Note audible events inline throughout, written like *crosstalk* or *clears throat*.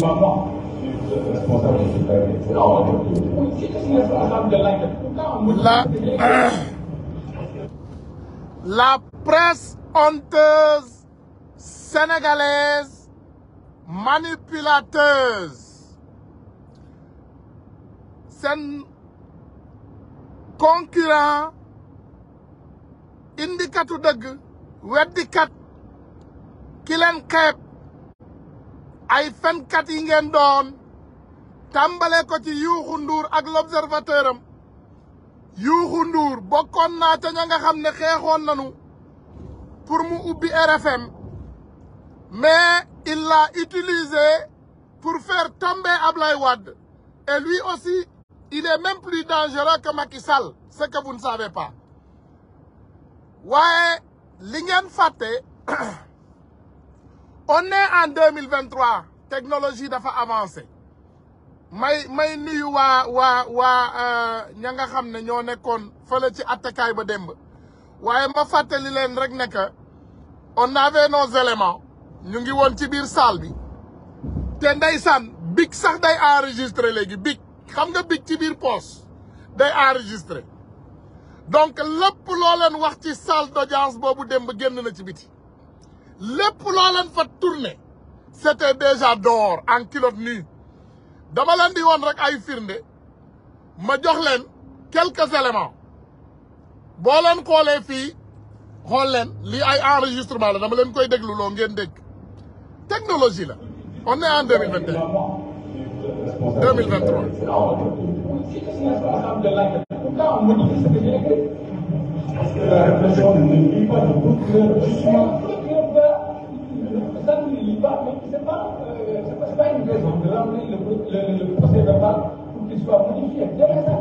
maman la, la honteuse sénégalaise manipulateuse concurrent indikatu dëgg weddikat ki leen ay fenkat yi ngeen doon tàmbale ko ci Youkhou Ndour ak l'observateur am Youkhou Ndour bokkoon naa nga xam ne xeexoon nañu pour mu ubbi RFM mais il l'a utilisé pour faire tomber Ablaye Wade et lui aussi il est même plus dangereux que Macky Sall ce waaye li ngeen *clears throat* on est en deux mille vingt trois technologie dafa avancé may may nuyu waa waa waa euh, ña nga xam ne ñoo nekkoon fële ci attakaay ba demb waaye ma fàttali leen rek ne que on avait nos éléments ñu ngi woon ci biir salle bi te ndeysaan big sax day enregistré léegi big xam nga big ci biir poos day enregistré donc lépp loo leen wax ci salle d'audience boobu demb génn na ci biti lépp loo leen fa tourné c'était déjà dehors en culotte nue dama leen di woon rek ay firnde ma jox leen quelques éléments boo leen xoolee fii xool leen lii ay enregistrement la dama leen koy déglu loo ngeen dégg technologie la on ne nuit pas de toute qui soit modifié dès sa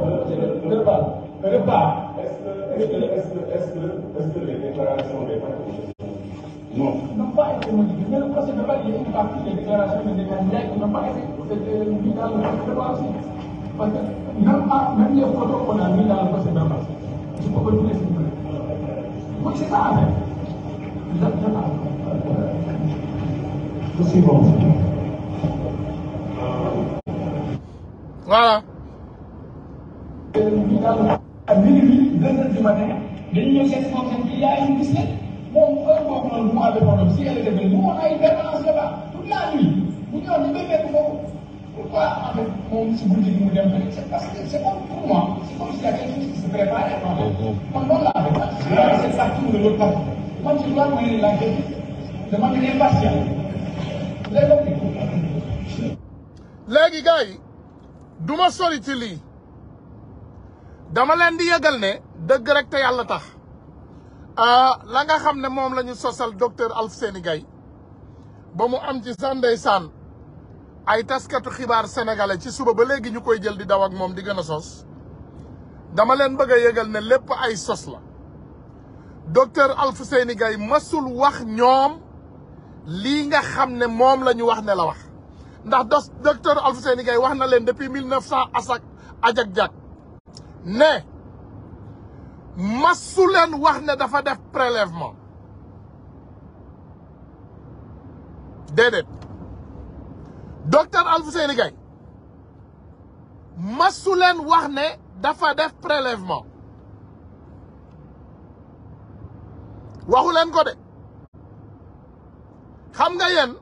repart. Repart. Est-ce que, est-ce que, est-ce que, est-ce que les déclarations des partis non. n'ont pas été modifiées. Mais le procès verbal, il y a une partie des déclarations des candidats qui n'ont pas été euh, mises dans le procès verbal aussi. Parce que même, même les photos qu'on a mises dans le procès verbal, je peux retourner s'il vous plaît. Oui, c'est ça, en fait. Vous avez bien parlé. Je suis bon. voilà. moom heure boobu noonu mois de problème si elle était mu woon ay permanence là-bas toute la nuit bu ñëw ñu béy béy foofu pourquoi en fait moom si guddi gi mu dem rek c'est parce que c'est comme pour moi c'est comme s'il y a quelque chose qui se préparait en fait. man loolu laa bëgg a. c'est parti de l'autre parti. man je dois mener la quête de manière impatiente. léegi gars yi. duma sori ci lii dama leen di yëgal ne dëgg rek te yàlla tax ah, la nga xam ne moom lañu sosal sosal docteur seeni gay ba mu am ci sa ay taskatu xibaar sénégalais ci suba ba léegi ñu koy jël di daw ak moom di gën a sos dama leen bëgg a yëgal ne lépp ay sos la docteur Alfousseyni Gaye masul wax ñoom lii nga xam ne moom la ñu wax ne la wax ndax dos docteur Alfousseyni Gaye wax na leen depuis mille neuf cent asak ajak-jak ne masu leen wax ne dafa def prélèvement déedéet docteur Alfousseyni Gaye masu leen wax ne dafa def prélèvement waxu leen ko de xam nga yéen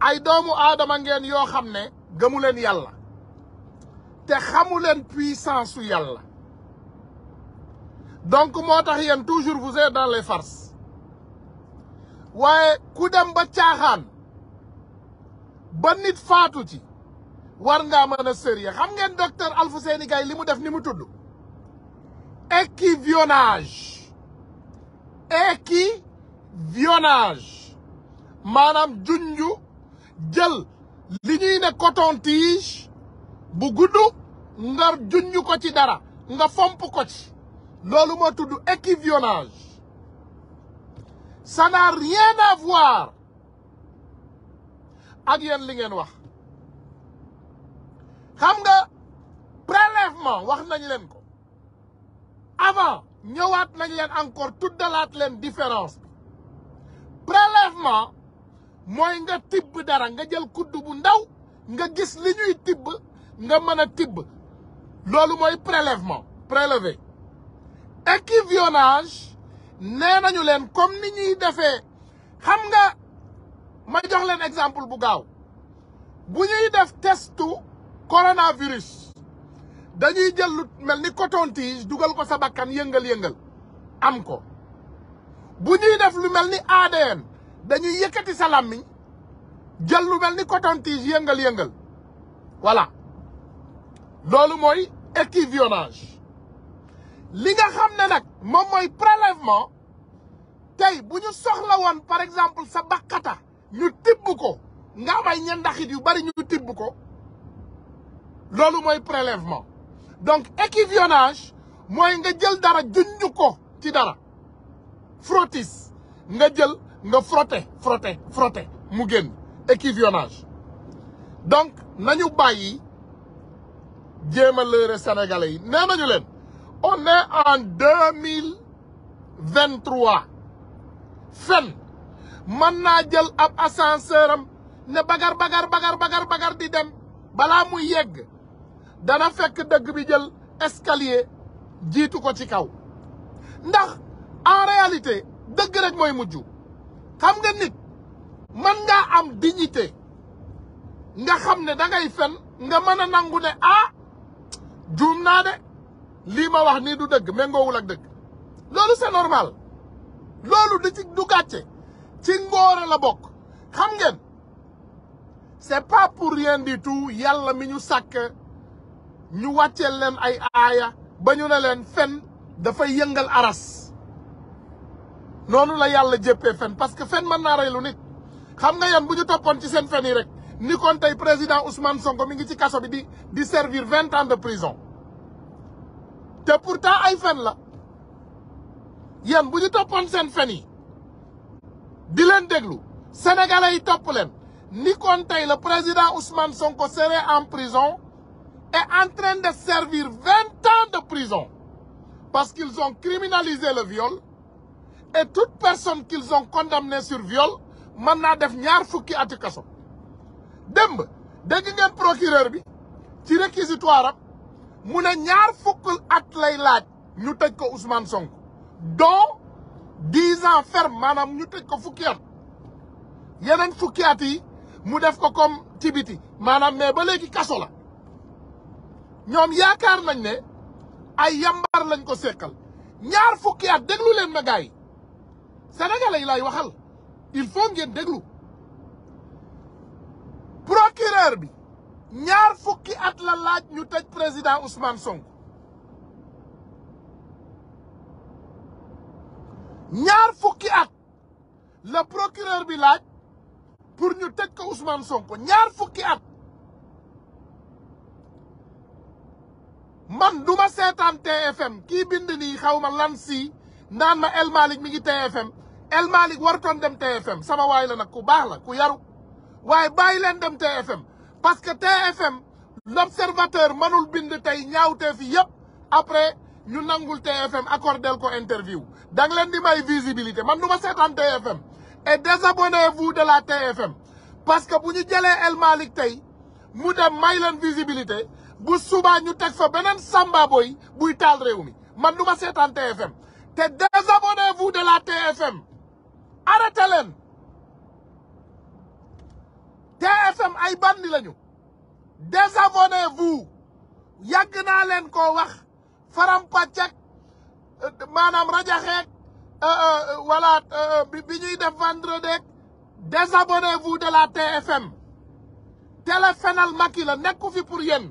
ay doomu aadama ngeen yoo xam ne gëmu leen yàlla te xamu leen puissance su yàlla donc moo tax yéen toujours vous êtes dans les farces waaye ku dem ba caaxaan ba nit faatu ci war ngaa mën a sérieux xam ngeen docteur Alfousseyni Gaye li mu def ni mu tudd équivionnage équivionnage maanaam junju jël li ñuy ne coton tige bu gudd nga junj ko ci dara nga fomp ko ci loolu moo tudd équiviolage ça n'a rien à voir ak yéen li ngeen wax xam nga prélèvement wax nañ leen ko avant ñëwaat nañ leen encore dalaat leen différence bi prélèvement mooy nga tibb dara nga jël kudd bu ndaw nga gis li ñuy tibb nga mën a tibb loolu mooy prélèvement prélevé équivionnage nee nañu leen comme ni ñuy defee xam nga ma jox leen exemple bu gaaw bu ñuy def testu coronavirus dañuy jël lu mel ni coton-tige dugal ko sa bakkan yëngal-yëngal am ko bu ñuy def lu mel ni ADN dañuy yëkkati sa làmmiñ jël lu ni coton tige yëngal-yëngal voilà loolu mooy équiviolage li nga xam ne nag moom mooy prélèvement tey bu ñu soxla woon par exemple sa baqata ñu tibb ko nga am ay ñendaxit yu bari ñu tibb ko loolu mooy prélèvement donc équiviolage mooy nga jël dara junj ko ci dara frottis nga jël nga frotter frotter frotter mu génn équivionnage donc nañu bàyyi jéem a lëre sénégalais yi nee nañu leen on est en deux mille vingt fen mën naa jël ab ascenseur am ne bagar bagar bagar bagar di dem balaa muy yegg dana fek dëgg bi jël escalier jiitu ko ci kaw ndax en réalité dëgg rek mooy mujj xam nga nit man nga am dignité nga xam ne dangay fen nga mën a nangu ne ah juum naa de lii ma wax nii du dëgg méngoowul ak dëgg loolu c'est normal loolu du ci du gàcce ci ngóore la bokk xam ngeen c'est pas pour mi ñu sàkk ñu wàcceel leen ay aaya ba ñu ne leen fen dafay yëngal aras noonu la yàlla jéppee fen parce que fen man naa rey lu nit xam nga yan bu ñu toppoon ci seen fen yi rek ni kon tey président Ousmane Sonko mi ngi ci kaso bi di servir vingt ans de prison te pourtant ay fen la yan bu ñu toppoon seen fen yi di leen déglu sénégalais yi topp leen ni kon tey la président Ousmane Sonko serait en prison et en train de servir vingt ans de prison parce qu'ils ont criminalisé le viol et toute personne qu'ils ont condamnée sur viol mën naa def ñaar fukki ati kaso démb dégg ngeen procureur bi ci réquisitoire am mu ne ñaar fukk at lay laaj ñu tëj ko Ousmane Sonko dont dix ans ferme maanaam ñu tëj ko fukki at yeneen fukki at yi mu def ko comme ci biti maanaam mais ba léegi kaso la ñoom yaakaar nañ ne ay yambar lañ ko sekkal ñaar fukki at déglu leen ma yi sénégalais yi laay waxal il faut ngeen déglu procureur bi ñaar fukki at la laaj ñu tej président Ousmane Sonko ñaar fukki at la procureur bi laaj pour ñu tëj ko Ousmane Sonko ñaar fukki at man du ma seetaan TFM kii bind nii xaw ma lan si naan ma El Malick mi ngi TFM El Malick warutoon dem TFM sama waay la nag ku baax la ku yaru waaye bàyyi leen dem TFM parce que TFM l'observateur mënul bind tey ñaawtee fi yëpp après ñu nangul TFM del ko interview da leen di may visibilité man du ma seetaan TFM et désabonnez-vous de la TFM parce que bu ñu jëlee El Malick tey mu dem may leen visibilité bu subaa ñu teg fa beneen samba boy buy taal réew mi man du ma seetaan TFM te désabonnez-vous de la TFM arrêté leen TFM ay bandi lañu désabonnez-vous yàgg naa leen koo wax farampàccek euh, maanaam rajaxeek euh, euh, voilà bi ñuy def vendredi désabonnez-vous de la TFM télé fenal Macky nekku fi pour yéen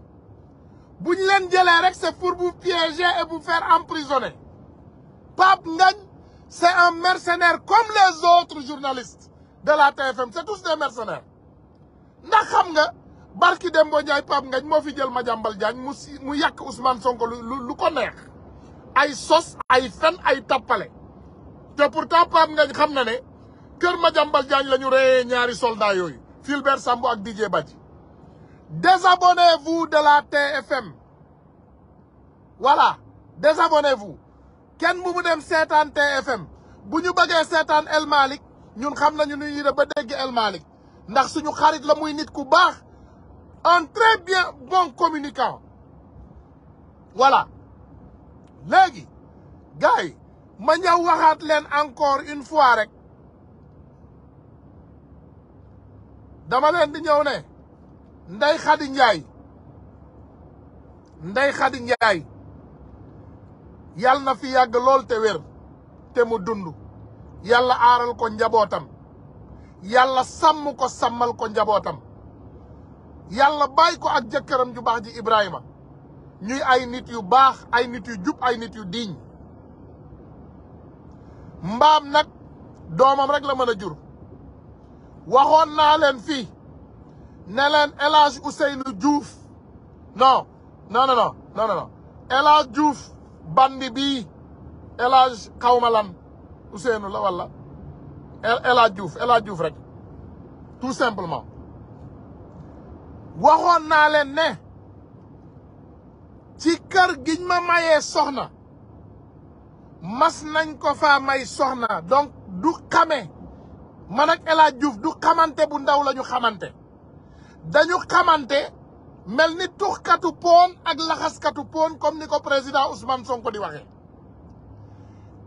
bu ñu leen jële rek c'est pour vous piéger et vous faire emprisonner Pape Ngagne c'est un mercenaire comme les autres journalistes de la TFM c'est tous des mercenaires ndax xam nga barki dem Ndiaye Pape Ngagne moo fi jël Madiambal Diagne mu si mu yàq Ousmane Sonko lu ko neex ay sos ay fen ay tappale te pourtant Pape Ngagne xam na ne kër Madiambal Diagne la ñu reyee ñaari soldats yooyu Fulbert Sambou ak Didier Badji désabonnez-vous de la TFM voilà désabonnez-vous kenn mu mu dem seetaan TFM bu ñu bëggee seetaan El ñun xam nañu nu ñuy def ba dégg El Malick ndax suñu xarit la muy nit ku baax un très bien bon communicant voilà léegi gars yi ma ñëw waxaat leen encore une fois rek dama leen di ñëw ne Ndeye Khady Ndiaye Ndeye Khady Ndiaye yàlla na fi yàgg lool te wér te mu dund yàlla aaral ko njabootam yàlla sàmm ko sàmmal ko njabootam yàlla bàyyi ko ak jëkkëram ju baax ji Ibrahima ñuy ay nit yu baax ay nit yu jub ay nit yu diiñ mbaam nag doomam rek la mën a jur waxoon naa leen fii ne leen El Hadj Ousseynou Diouf non non non non non El bandi bii El Hadj xawma lan Ousseynou la wala El Hadj rek tout simplement waxoon naa leen ne ci kër giñ ma mayee soxna mas nañ ko faa may soxna donc du xame man ak El du kamante bu ndaw la ñu xamante dañu kamante mel ni tuxkatu poon ak laxaskatu poon comme ni ko président Ousmane Sonko di waxee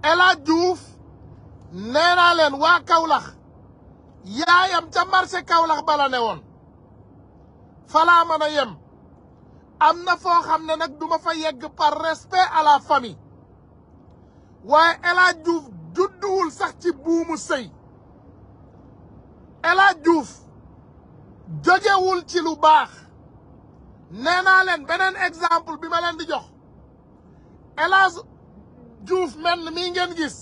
El juuf Diouf leen waa kawlax yaayam ca marché Kaolack bala ne woon falaa mën yem am na foo xam ne nag duma fa yegg par respect à la famille waaye El Hadj judduwul sax ci buumu sëy El juuf Diouf ci lu baax nee naa leen beneen exemple bi ma leen di jox El Hadj Diouf menn ngeen gis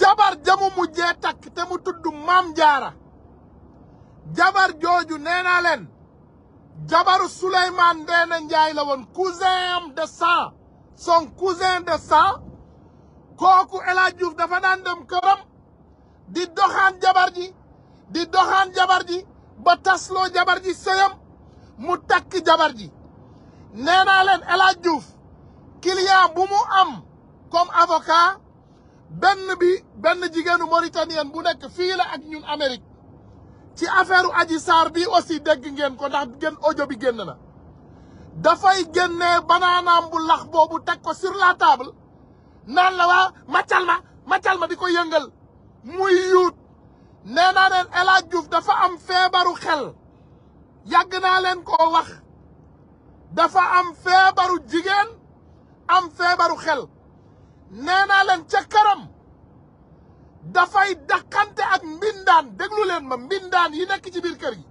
jabar jamu mujjee takk te mu tudd Maam Jaara jabar jooju nee naa jabaru Souleymane Ndeena Njaay la woon cousin am de sang son cousin de sang kooku El Hadj Diouf dafa daan dem këram di doxaan jabar di doxaan jabar ba tasloo jabar sëyam mu takk jabar ji nee naa leen El Hadj Diouf client bu mu am comme avocat benn bi benn jigéenu mauritanienne bu nekk fii la ak ñun Amérique ci affaire Adji Sarr bi aussi dégg ngeen ko ndax gën audio bi génn na dafay génnee banaanaam bu lax boobu teg ko sur la table naan la waa macal ma di ko yëngal muy yuut nee naa dafa am feebaru xel yàgg naa leen ko wax dafa am feebaru jigéen am feebaru xel nee naa leen ca dafay daqante ak mbindaan déglu leen ma mbindaan yi nekk ci biir kër gi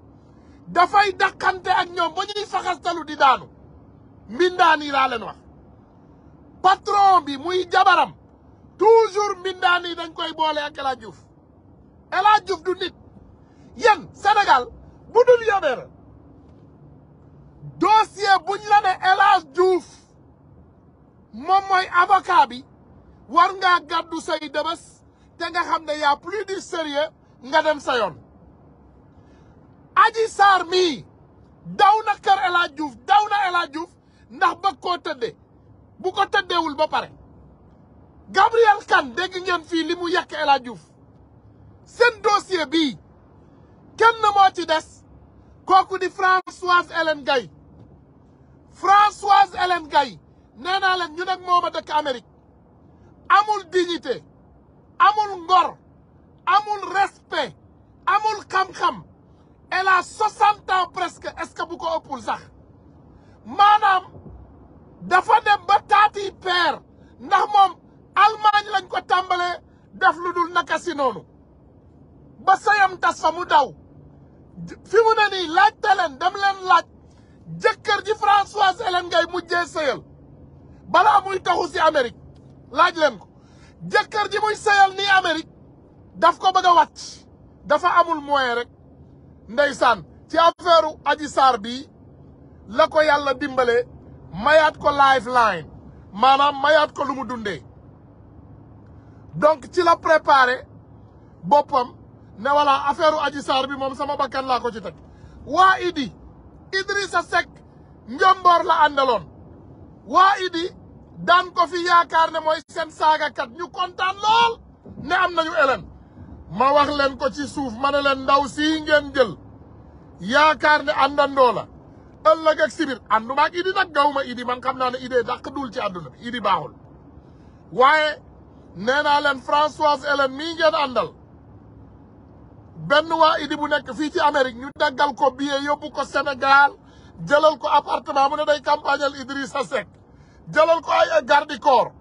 dafay daqante ak ñoom ba ñuy faxastalu di daanu mbindaan yi laa leen wax patron bi muy jabaram toujours mbindaan yi dañ koy boole ak El Hadj Diouf El Hadj Diouf du nit yéen Sénégal bu dul yobee dossier buñ la ne El Hadj moom mooy avocat war nga gàddu say dëbës te nga xam ne y'a plus du sérieux nga dem sa yoon Adji Sarr mii daw na kër El Hadj daw na El Hadj ndax bëgg koo tëddee bu ko tëddeewul ba pare Gabriel Kane dégg ngeen fii li mu yekk El Hadj Diouf seen dossier bii kenn moo ci des kooku di Françoise Hélène Gaye Françoise Hélène Gaye nee naa leen ñu nag mooma dëkk Amérique amul dignité amul ngor amul respect amul xam-xam elle a soixante ans presque ëppul sax maanaam dafa dem ba taati peer ndax moom Allemagne lañ ko tàmbalee def lu dul naka si noonu ba sayam tas fa mu daw fi mu ne nii laajte leen dem laaj jëkkër ji Françoise Hélène Gaye mujjee sëyal balaa muy taxu si Amérique laaj leen ko jëkkër ji muy sëyal nii Amérique daf ko bëgg a dafa amul moyen rek ndey ndeysaan ci affaire u Adji bi la ko yàlla dimbale mayaat ko lifeline maanaam mayaat ko lu mu dundee donc ci la préparé boppam ne voilà affaire u Adji bi moom sama bakkan laa ko ci teg waa idi Idrissa Seck njomboor la àndaloon waa idi daan ko fi yaakaar ne mooy seen saagakat ñu kontaan lool ne am nañu Hélène ma wax leen ko ci suuf ma ne leen ndaw sii ngeen jël yaakaar ne àndandoo la ëllëg ak sibir ànduma ak idi nag gaw ma idi man xam naa ne idée dàq dul ci àdduna idi baaxul waaye nee naa leen Françoise Hélène mii ngeen àndal benn waa idi bu nekk fii ci Amérique ñu daggal ko billet yóbbu ko senegaal jëlal ko appartement mu ne day campagnal Idrissa Seck jëlal ko ay garde corps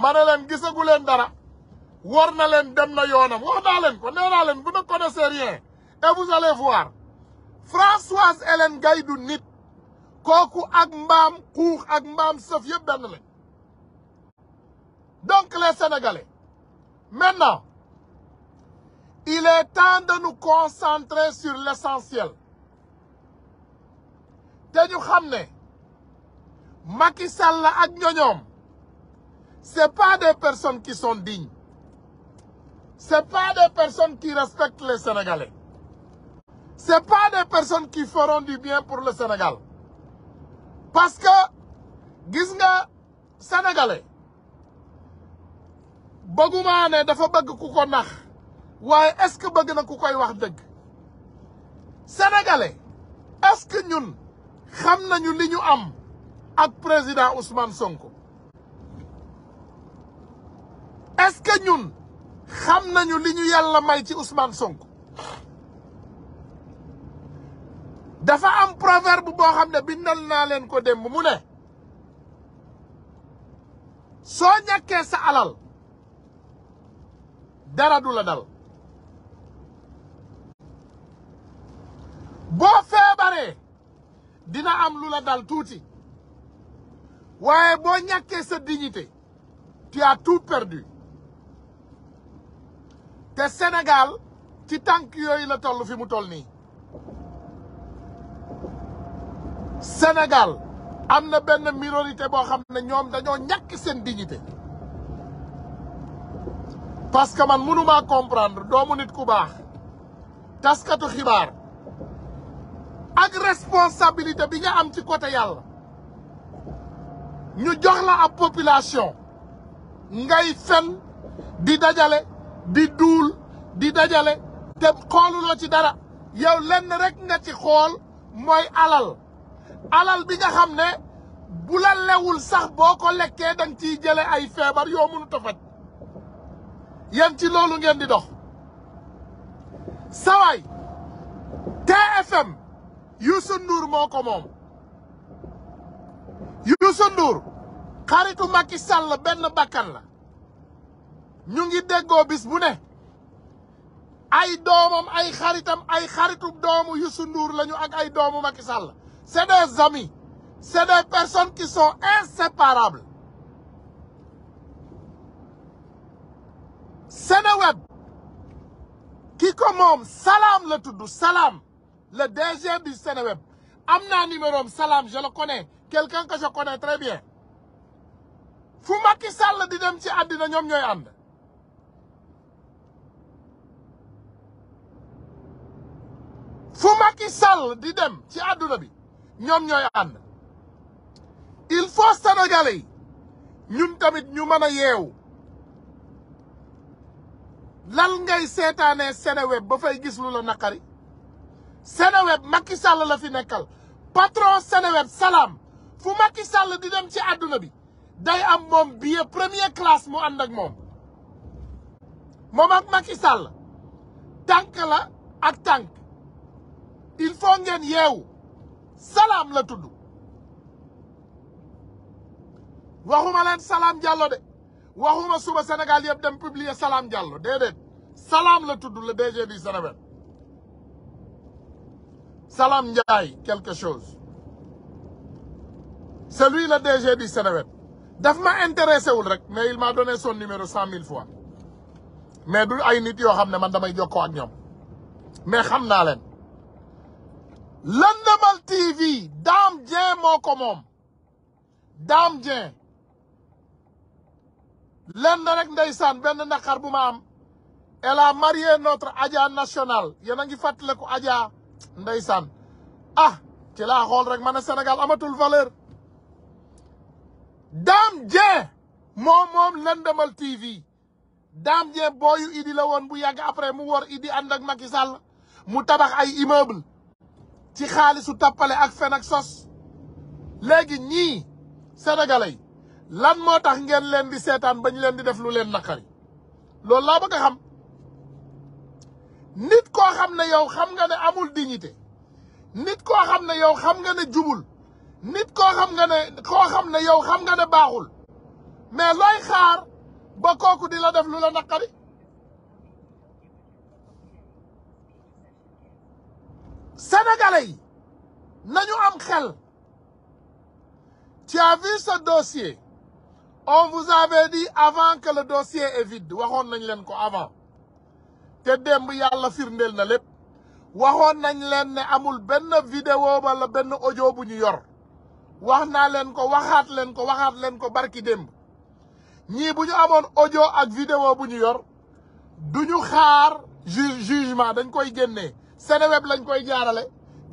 ma ne leen gisagu leen dara war na leen dem na yoonam wax leen ko nee leen bu ne connaissez rien et vous allez voir Françoise Hélène Gaye du nit kooku ak mbaam xuux ak mbaam sëf yëpp dan lañ donc les Sénégalais maintenant Il est temps de nous concentrer sur l'essentiel te ñu xam ne Macky Sall ak ñoñoom c'est pas des personnes qui sont dignes c'est pas des personnes qui respectent les Sénégalais c'est pas des personnes qui feront du bien pour le Sénégal parce que gis nga Sénégalais bëgguma ne dafa bëgg ku ko nax waaye est-ce que bëgg na ku koy wax dëgg sénégalais est que ñun xam nañu li ñu am ak président Ousmane Sonko est-ce que ñun xam nañu li ñu yàlla may ci Ousmane Sonko dafa am proverbe boo xam ne bindal naa leen ko démb mu ne soo ñàkkee sa alal dara du la dal boo feebaree dina am lu la dal tuuti waaye boo ñàkkee sa dignité tu as tout perdu te Sénégal ci tànk yooyu la toll fi mu toll nii Sénégal am na benn minorité boo xam ne ñoom dañoo ñàkk seen dignité parce que man mënumaa comprendre doomu nit ku baax taskatu xibaar ak responsabilité bi nga am ci côté yàlla ñu jox la ab population ngay fen di dajale di duul di dajale te xooluloo ci dara yow lenn rekk nga ci xool mooy alal alal bi nga xam ne bu la lewul sax boo ko lekkee danga ciy jële ay feebar yoo mënut a faj ci loolu ngeen di dox sawaay TFM Youssou Ndour moo ko moom Youssou Ndour xaritu Macky Sall benn bakkan la ñu ngi déggoo bis bu ne ay doomam ay xaritam ay xaritu doomu Youssou Ndour lañu ak ay doomu Macky Sall c'est des amis c'est des personnes qui sont inséparables Seneweb ki ko moom salaam la tudd salaam le DG du Sénéweb am naa numéro Salam je le connais quelqu'un que je connais très fu Macky Sall di dem ci àddina ñoom ñooy ànd fu di dem ci àdduna bi ñoom ñooy ànd il faut Sénégalais yi ñun tamit ñu mën a yeewu lan ngay seetaanee Seneweb ba fay gis lu la naqari Seneweb Macky Sall la fi nekkal patron Seneweb salaam fu Macky di dem ci àdduna bi day am moom billet première classe mu ànd moom moom ak Macky Sall tànk la ak tànk il faut ngeen yeewu salaam la tudd waxuma leen salaam Diallo de waxuma suba Sénégal yëpp dem publier salaam Diallo déedéet salaam la tudd la DG du Seneweb Salam Ndiaye quelque chose c'est lui le DG du Seneweb daf ma intéressé wul rek mais il m'a donné son numéro cent mille fois mais du ay nit yoo xam ne man damay jokkoo ak ñoom mais xam naa leen Lëndëmal TV Dame Dieng moo ko moom Dame Dieng lenn rek ndeysaan benn naqar bu ma am la a marié notre Adja nationale yéen a ngi fàttaliku Adja ndeysaan ah ci laa xool rek ma ne Sénégal amatul valeur Dame Dieng moom moom Lëndëmal TV Dame Dieng booyu Idi la woon bu yàgg après mu wor Idi ànd ak Macky Sall mu tabax ay immeuble ci xaalisu tappale ak fen ak sos léegi ñii sénégalais lan moo tax ngeen leen di seetaan ba ñu leen di def lu leen naqari loolu laa bëgg a xam nit koo xam ne yow xam nga ne amul dignité nit koo xam ne yow xam nga ne jubul nit koo xam nga ne koo xam ne yow xam nga ne baaxul mais looy xaar ba kooku di la def lu la naqari sénégalais yi nañu am xel tu as vu ce dossier on vous avait dit avant que le dossier est waxoon nañu leen ko avant te démb yàlla firndeel na lépp waxoon nañ leen ne amul benn vidéo wala benn audio bu ñu yor wax naa leen ko waxaat leen ko waxaat leen ko barki démb ñii ñu amoon audio ak vidéo bu ñu yor du ñu xaar jugement dañ koy génnee Seneweb lañ koy jaarale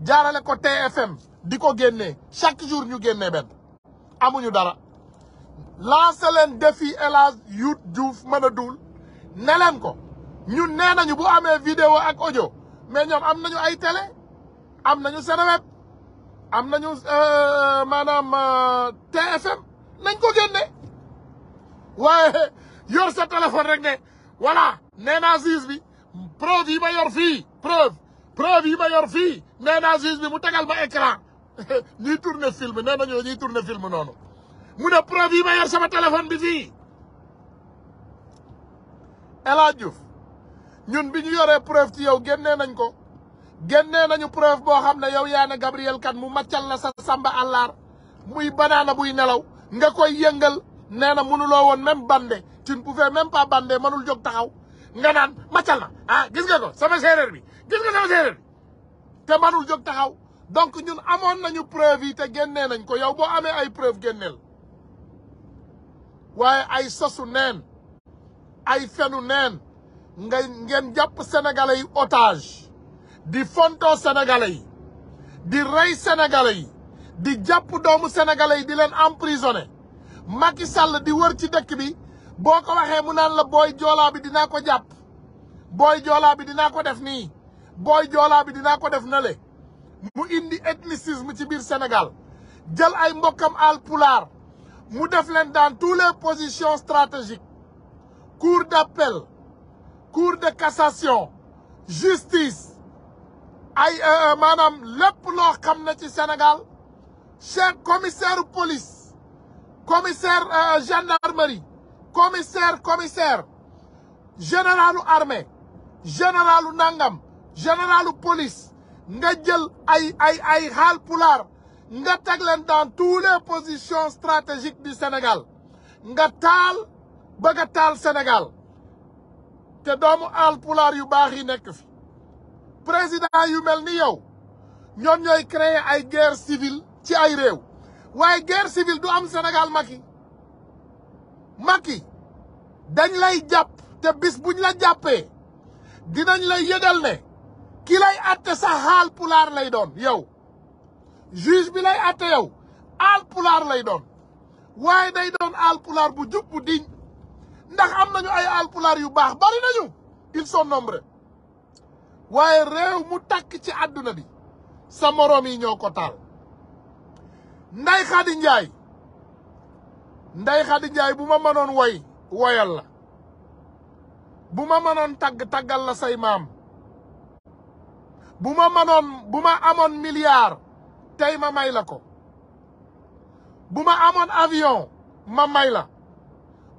jaarale ko TFM di ko génnee chaque jour ñu génnee benn amuñu dara lancé leen défi El Hadj Youth Diouf mën a duul ne leen ko ñun nee nañu bu amee vidéo ak ojo mais ñoom am nañu ay télé am nañu Seneweb am nañu euh, maanaam euh, TFM nañ ko génne waaye *laughs* yor sa téléphone rek ne voilà nee naa juge bi preuve yi ma yor fii preuve preuve yi ma yor fii nee naa juge bi mu tegal ma écran *laughs* ñuy tourner film nee nañu ñuy tourner film noonu mu ne preuve yi ma yor sama téléphone bi fii El Hadj ñun bi ñu yoree preuve ci yow génnee nañ ko génnee nañu preuve boo xam ne yow yaa ne Gabriel kan mu màccal la sa samba àllaar muy banaana buy nelaw nga koy yëngal nee na mënuloo woon même bande tu ne pouvais même bande manul jóg taxaw nga naan màccal ah gis nga ko sama séeréer bi gis nga sama séeréer te mënul jóg taxaw donc ñun amoon nañu preuve yi te génnee nañ ko yow boo amee ay preuve génneel waaye ay sosu neen ay fenu neen nga ngeen jàpp sénégalais yi otage di fonto sénégalais yi di rey sénégalais yi di jàpp doomu sénégalais yi di leen emprisonné Macky Sall di wër ci dëkk bi boo ko waxee mu naan la booy joolaa bi dinaa ko jàpp booy joolaa bi dinaa ko def nii booy joolaa bi dinaa ko def nale mu indi ethnicisme ci biir Sénégal jël ay mbokkam alpulaar mu def leen dans toutes les positions stratégiques cour d'appel cour de cassation justice ay euh, euh, maanaam lépp loo xam ne ci senegal chef commissaire police commissaire euh, gendarmerie commissaire commissaire généralu armée généralu nangam généralu police nga jël ay ay ay xaal pulaar nga teg leen dans toutes les positions stratégiques du Sénégal nga taal bëgg taal Sénégal te doomu alpulaar yu baax yi nekk fi président yu mel ni yow ñoom ñooy créer ay guerre civile ci ay réew waaye guerre civile du am Sénégal Macky Macky dañ lay jàpp te bis buñ la jàppee dinañ lay yëgal ne ki lay atte sa xaal lay doon yow juge bi lay atte yow aal lay doon waaye day doon aal bu jub bu diñ ndax am nañu ay alpulaar yu baax bari nañu ils sont nombreux waaye réew mu takk ci àdduna bi sa moroom yi ñoo ko taal nday xadi njaay nday xadi njaay bu ma mënoon woy woyal la bu ma mënoon tagg taggal la say maam bu ma mënoon bu ma amoon milliard tey ma may la ko bu ma amoon avion ma may la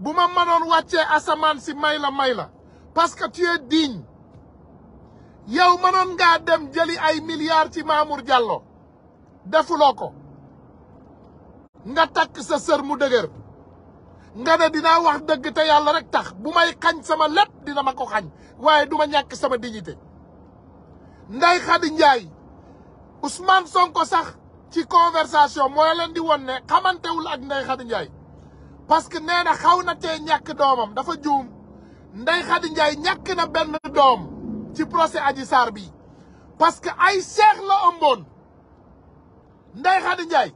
bu ma mënoon wàccee asamaan si may la may la parce que tu es digne yow mënoon ngaa dem jëli ay milliards ci Mamour Diallo defuloo ko nga takk sa sër mu dëgër nga ne dinaa wax dëgg te yàlla rek tax bu may xañ sama lépp dina ma ko xañ waaye du ma ñàkk sama dignité Ndeye Khady Ndiaye Ousmane Sonko sax ci conversation mooy leen di woon ne xamantewul ak Ndeye Khady Ndiaye parce que nee xaw na tee ñàkk doomam dafa juum Ndeye Khady Ndiaye ñàkk na benn doom ci procès Adji Sarr bi parce que ay seex la ëmboon Ndeye Khady Ndiaye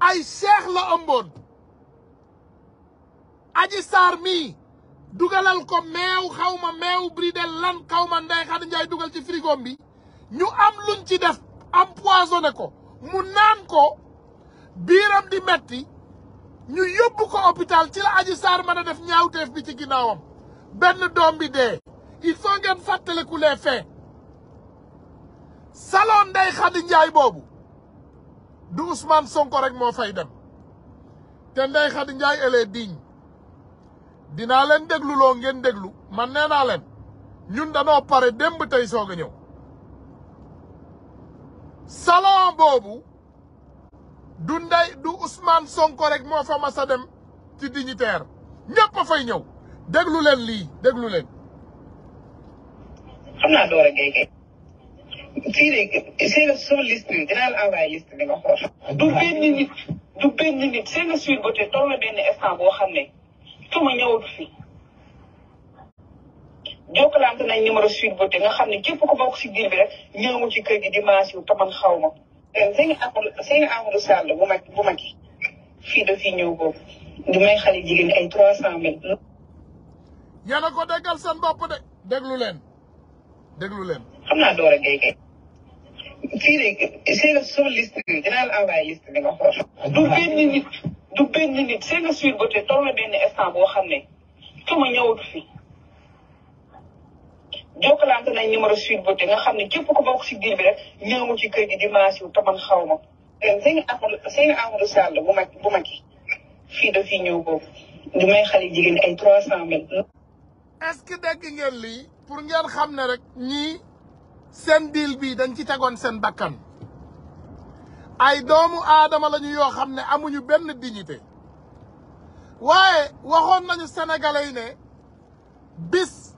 ay seex la ëmboon Adji Sarr mii dugalal ko meew xaw ma meew bridel lan xaw ma Ndeye Khady dugal ci frigo bi ñu am luñ ci def empoisonné ko mu naan ko biiram di metti ñu yóbbu ko hôpital ci la Adji Sarr mën a def ñaawteef bi ci ginnaawam benn doom bi dee il faut ngeen fàttaliku les faits salon Ndeye Khady Ndiaye boobu du Ousmane Sonko rek moo fay dem te Ndeye Khady Ndiaye elle est dinaa leen déglu loo ngeen déglu man nee naa leen ñun danoo pare démb tey soog a ñëw salon du ndey du Ousmane Sonko rek moo fa mas dem ci dignitaire ñëpp a fay ñëw déglu leen lii déglu leen. xam naa Dora Gueye kay. fii de seen soo liste bi dinaa la envoyé liste bi nga xool. du benn nit du suite ba tey toll na benn instant boo xam ne tuma ñëwatu fi. jokkalante nañ numéro suite ba nga xam ne képp ku bokk si biir bi rek ci kër gi dimanche yu te xaw ma. Eh, sëñ Amadou sëñ Amadou Sall bu mag bu mag fii de fii ñëw boobu du may xale jigéen ay trois cent mille. yéen a ko déggal seen bopp de déglu leen xam naa door a gay kay. fii de seen son liste bi dinaa la envoyé liste bi nga xool. du benn nit du benn nit seen suite ba te toll na benn instant boo xam ne sama ñëwatu fi. jokkalante nañ numéro suite te nga xam ne képp ku bokk si biir bi rek ñëw ci kër gi dimanche te man xaw ma. Euh, sëñ Amadou sëñ Amadou Sall bu mag bu mag fii daf fi ñëw boobu di may xale jigéen ay trois cent mille. est-ce que dégg ngeen lii pour ngeen xam ne rek ñii seen deal bii dañ ci tegoon seen bakkan ay doomu aadama lañu yoo xam ne amuñu benn dignité waaye waxoon nañu sénégalais yi ne bis.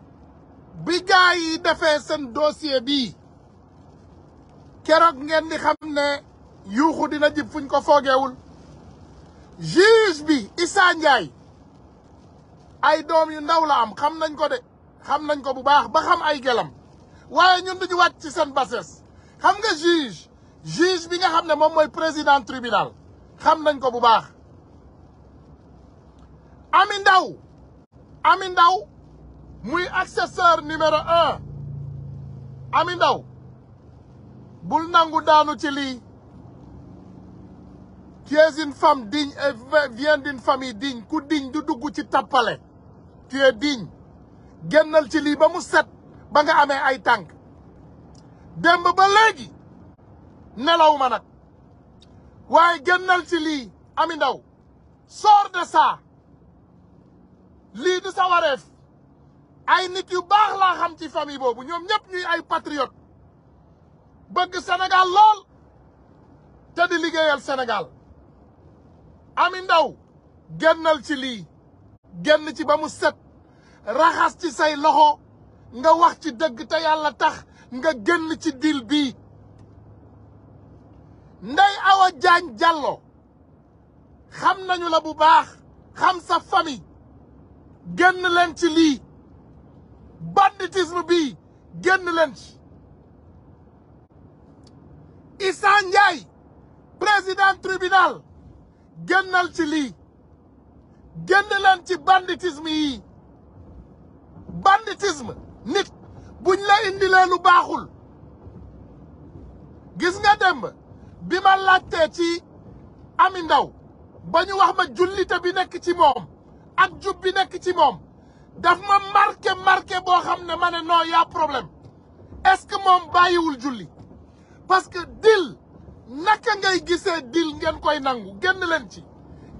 bi gars yi defee seen dossier bii keroog ngeen di xam ne yuuxu dina jib fuñ ko foogewul juge bi Issa Ndiaye ay doom yu ndaw la am xam nañ ko de xam nañ ko bu baax ba xam ay gelam waaye ñun duñu wàcc ci seen bases xam nga juge juge bi nga xam ne moom mooy président tribunal xam nañ ko bu baax Ami Ndaw Ami Ndaw muy accessoire numéro un bul nangu daanu ci lii tu es une femme famille digne ku digne du dugg ci tappale tu es génnal ci lii ba mu set ba nga amee ay tànk démb ba léegi nelaw ma nag waaye génnal ci lii amindaw Ndaw sors de ça lii du sa wareef ay nit yu baax laa xam ci famille boobu ñoom ñëpp ñuy ay patriote bëgg Sénégal lool te di liggéeyal Sénégal ami ndaw génnal ci lii génn ci ba mu set raxas ci say loxo nga wax ci dëgg te yàlla tax nga génn ci dil bii Ndeye Awa Diagne Diallo xam nañu la bu baax xam sa famille génn leen ci lii banditisme bi génn leen ci Issa Ndiaye président tribunal génnal ci lii génn leen ci yi banditisme nit buñ la indilee lu baaxul gis nga demb bi ma laajtee ci ami ndaw ba ñu wax ma jullite bi nekk ci moom ak bi nekk ci moom daf ma marqué marqué boo xam ne ma ne non y' problème est-ce que moom bàyyiwul julli parce que dil naka ngay gisee dil ngeen koy nangu génn leen ci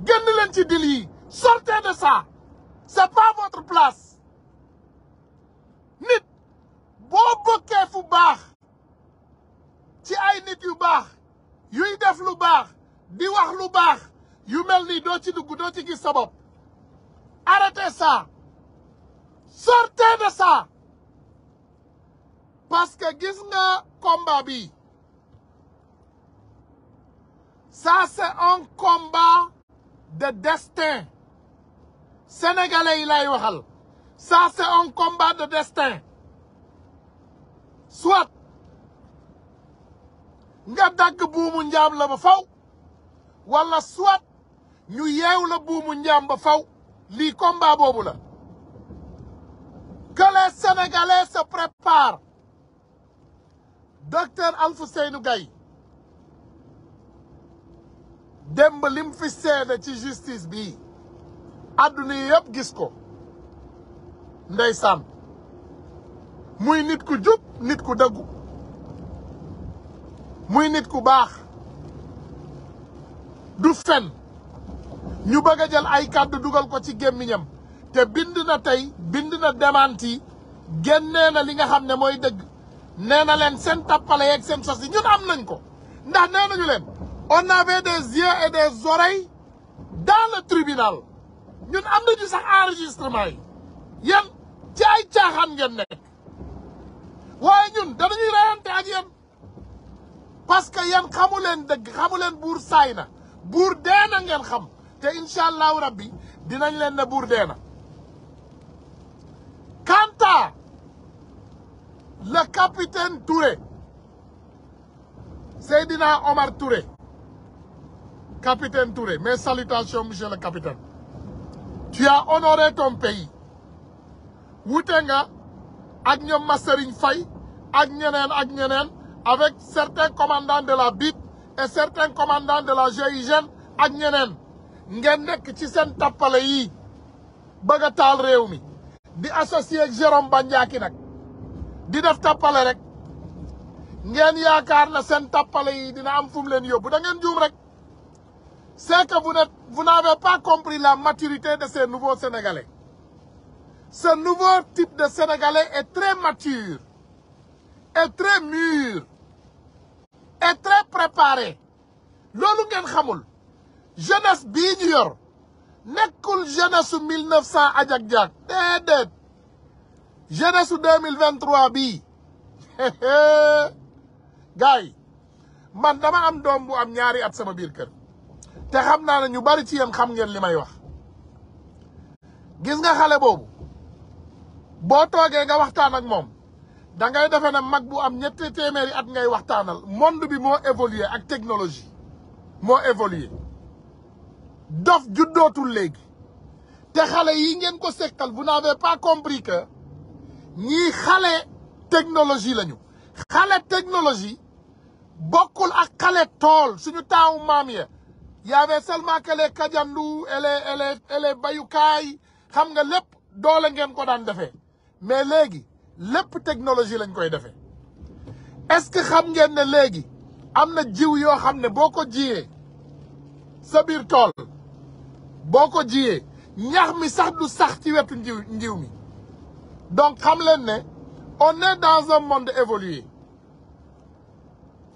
génn leen ci dil yi sortez de ça c'est pas votre place nit boo bokkee fu baax ci ay nit yu baax yuy def lu baax di wax lu baax yu mel nii doo ci dugg doo ci gis sa bopp arrêtez ça sortez parce que gis nga komba bi ça c'est un combat de destin sénégalais yi lay waxal ça c'est un de destin soit nga dagg buumu njaam la ba faw wala soit ñu yeew la buumu njaam ba faw lii combat boobu la que les Sénégalais se préparent docteur Alfousseynou Gaye démb lim fi seede ci justice bi adduna yëpp gis ko ndeysaan muy nit ku jub nit ku dëggu muy nit ku baax du fen ñu bëgg a jël ay kàddu dugal ko ci gémmiñam te bind na tey bind na démenti génnee na li nga xam ne mooy dëgg nee na leen seen tappale yeeg seen sos yi ñun am nañ ko ndax nee nañu leen on avait des yeux et des oreilles dans le tribunal ñun am nañu sax enregistrement yi yéen ci ay caaxaan ngeen nekk waaye ñun danañuy reyante ak yéen parce que yéen xamu leen dëgg xamu leen buur saay na buur dee na xam te incha allahu rabbi dinañ leen ne buur dee le capitaine Touré Seydina Omar Touré capitaine Touré mes salutations monsieur le capitaine tu as honoré ton pays wute nga ak ñoom Masserigne Faye ak ñeneen ak ñeneen avec certains commandants de la BIP e certains commandants de la GIGN ak ñeneen ngeen nekk ci seen tappale yi baga a taal réew mi di associé ak Jérôme Bandiaki nag di def tappale rek ngeen yaakaar na seen tappale yi dina am fu leen yóbbu da ngeen juum rek c'est que vous ne vous n'avez pas compris la maturité de ces nouveaux Sénégalais ce nouveau type de Sénégalais et très mature est très mûr est très préparé loolu ngeen xamul jeunesse bii ñu yor nekkul jeunesse su mille neuf cent ajak-jak déedéet jeunesse su deux mille vingt trois *laughs* gars yi man dama am doom bu am ñaari at sama biir kër te xam naa ne ñu bari ci yéen xam ngeen li may wax gis nga xale boobu boo toogee nga waxtaan ak moom da ngay defee ne mag bu am ñetti téeméeri at ngay waxtaanal monde bi moo évolué ak technologie moo évolué dof juddootul léegi te xale yi ngeen ko sekkal vous n'avez pas compris que ñii xale technologie lañu xale technologie bokkul ak xale tool suñu taawu maam ya y avait seulement que les kajandu et les bayukaay xam nga lépp doole ngeen ko daan defee mais léegi lépp technologie lañ koy defee est-ce que xam ngeen ne léegi am na jiw yoo xam ne boo ko jiyee sa biir tool boo ko jiyee ñax mi sax du sax ci wetu njiw njiw mi donc xam leen ne on est dans un monde évolué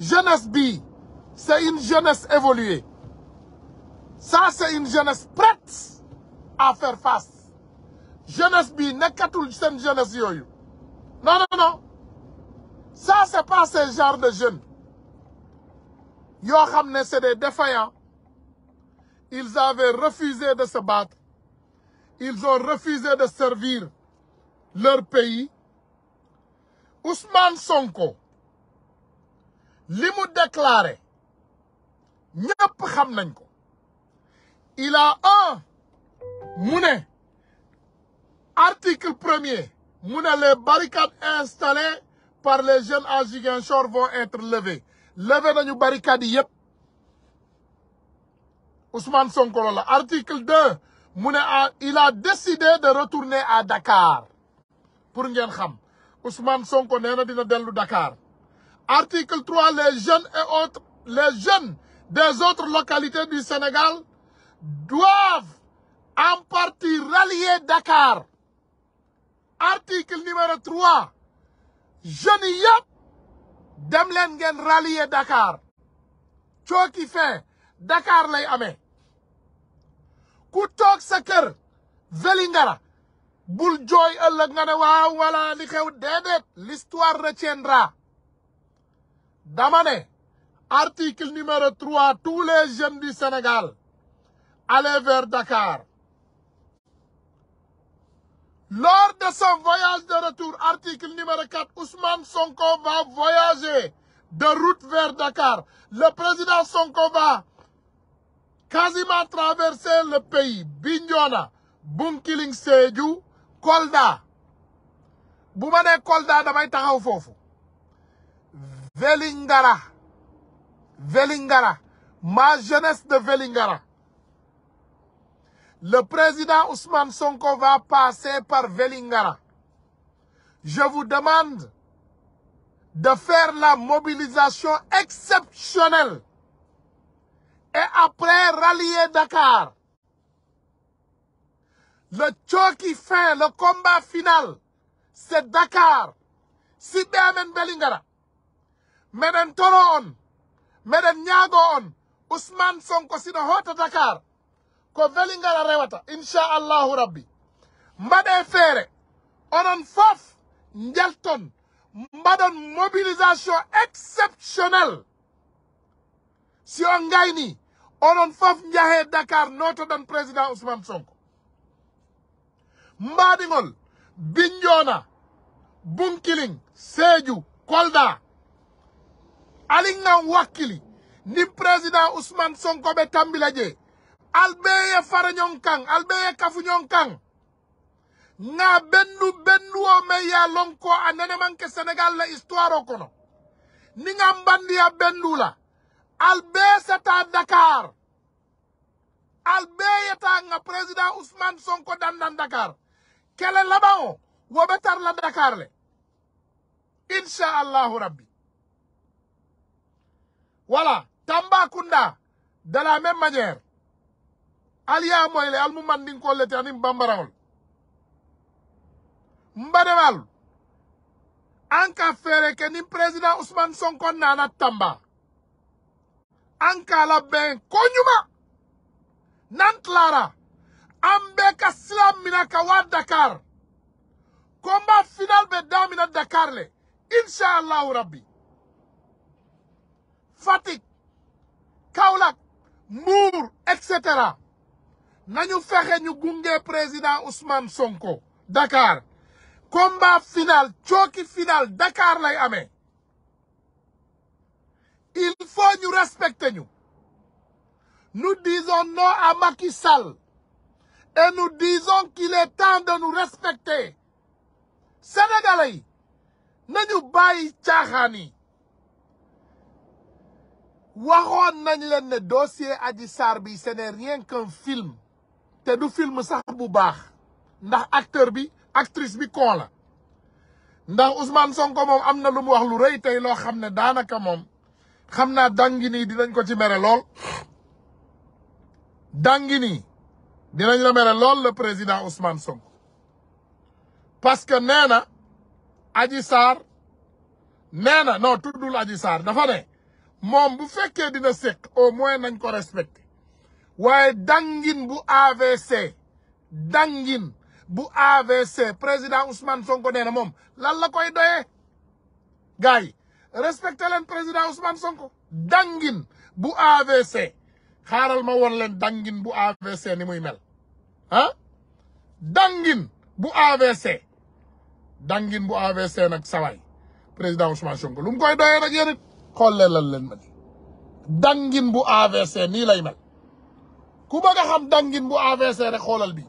jeunesse bi c'est une jeunesse évoluée ça c'est une jeunesse prête à faire face jeunesse bii nekkatul seen jeunesse yooyu non non non ça c'est pas ce genre de jeunes yoo xam ne c'est des défaillants ils avaient refusé de se battre ils ont refusé de servir leur pays Ousmane Sonko li mu déclaré ñëpp xam nañ ko il a un mu ne article premier mu ne les barricades installées par les jeunes à Ziguinchor vont être levées levé nañu barricades yi yëpp Ousmane Sonko la article deux mu ne il a décidé de retourner à Dakar pour ngeen xam Ousmane Sonko nee na dina dellu dakaar article 3 les jeunes et autres les jeunes des autres localités du Sénégal doivent en partie rallier Dakar article numéro 3 jeunes yi yëpp ngeen rallier Dakar cooki fin Dakar lay ame ku toog sa kër bul jooy ëllëg nga ne waaw wala li xew déedéet l'histoire retiendra dama ne article numéro trois tous les jeunes du Sénégal aller vers Dakar lors de son voyage de retour article numéro quatre Ousmane Sonko va voyager de route vers Dakar le président Sonko va quasiment traverser le pays Bignona Bounkiling Sédhiou Kolda bu ma nee Kolda damay taxaw foofu Vélingara Vélingara ma jeunesse de Vélingara le président Ousmane Sonko va passer par Vélingara je vous demande de faire la mobilisation exceptionnelle et après rallier Dakar Le qui fait le combat final, c'est Dakar. Sidde Amen Belingara. Meɗen toro on, meɗen ñaago on, Ousmane Sonko sino hoota Dakar ko Vélingara rewata inchallahu rabbi mbaɗe feere onon fof njalton mbaɗon mobilisation exceptionnel si on ngayni onon fof njahee Dakar nootoɗon président Ousmane Sonko Mbadingol Bignona Bunkiling Sédhiou Kolda alingam wakkili ndin président ousmane sonko ɓe tambila je alɓeye farañon kan alɓeye kafuñon kan nga bendu bendu o men ya lonko a nenemanke sénégal la histoire o kono ni nga mbandiya bendula alɓe seta dakar alɓe yeta nga président ousmane sonko dandan dakar kele laɓa o woɓe tarla dakar le inchallahu rabbi voilà tambacounda de la même manière aliya moyle almu mandinkolle te anin bambarawol mbaɗewal an ka feere ke nin président ousmane sonko nana tamba an kala ben koñuma nan tlara an bɛ ka sira minɛ ka waa dakar combat final bɛ damina dakar le inshallahu rabbi fatick kaolack mbuur etc nañu fexe ñu gunge président ousmane sonko dakar combat final cooki final dakar lay amee il faut ñu respecter ñu nous disons non à Macky et nous disons qu'il est temps de nous respecter sénégalais yi nañu bàyyi caaxaan yi waxoon nañ leen ne dossier aji saar bi ce n'est rien qu'un film te du film sax bu baax ndax acteur bi actrice bi kon la ndax Ousmane Sonko moom am na lu mu wax lu rëy tey loo xam ne daanaka moom xam naa dangi nii dinañ ko ci mere lool dangi dinañ la mere lool la président Ousmane Sonko parce que nee na Adji Sarr nee na non tuddul Adji Sarr dafa ne moom bu fekkee dina séq au moins nañ ko respecté waaye dangin bu AVC dangin bu AVC président Ousmane Sonko nee na moom lan la koy doyee gars yi respecté leen président Ousmane Sonko dangin bu AVC xaaral ma woon leen dangin bu AVC ni muy mel ah dangin bu AVC dangin bu AVC nag sawaay président Ousmane Sonko lu mu koy doyee nag yéen it xool leen lan leen ma ci dangin bu AVC ni lay mel ku bëgg a xam dangin bu AVC rek xoolal bi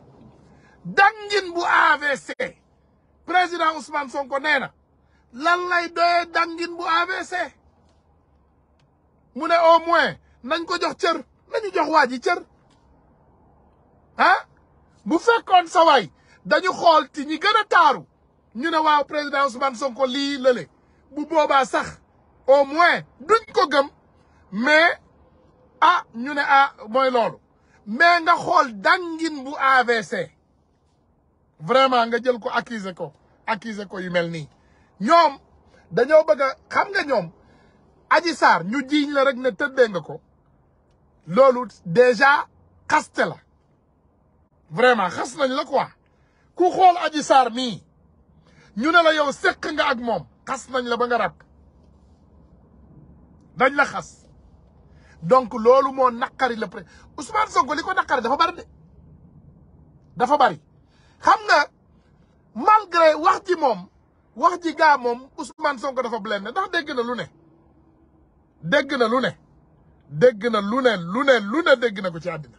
dangin bu AVC président Ousmane Sonko nee na lan lay doyee dangin bu AVC mu ne au moins nañ ko jox cër nañu jox waa ji cër ah bu fekkoon sa waay dañu xool ci ñi gën a taaru ñu ne waaw président Ousmane ko lii lële bu boobaa sax au moins duñ ko gëm mais ah ñu ne ah mooy loolu mais nga xool dangin bu AVC vraiment nga jël ko accuser ko accuser ko yu mel nii ñoom dañoo bëgg a xam nga ñoom Adji sar ñu jiiñ la rek ne tëddee nga ko loolu déjà xaste la vraiment xas nañ la quoi ku xool aji saar mii ñu ne la yow seq nga ak moom xas nañ la ba nga ràpp dañ la xas donc loolu moo naqari le pré Ousmane Sonko li ko naqari dafa bari de dafa bari xam nga malgré wax ji moom wax ji gaa moom Ousmane Sonko dafa blende ndax dégg na lu ne dégg na lu ne dégg na lu ne lu ne lu ne dégg na ko ci àddina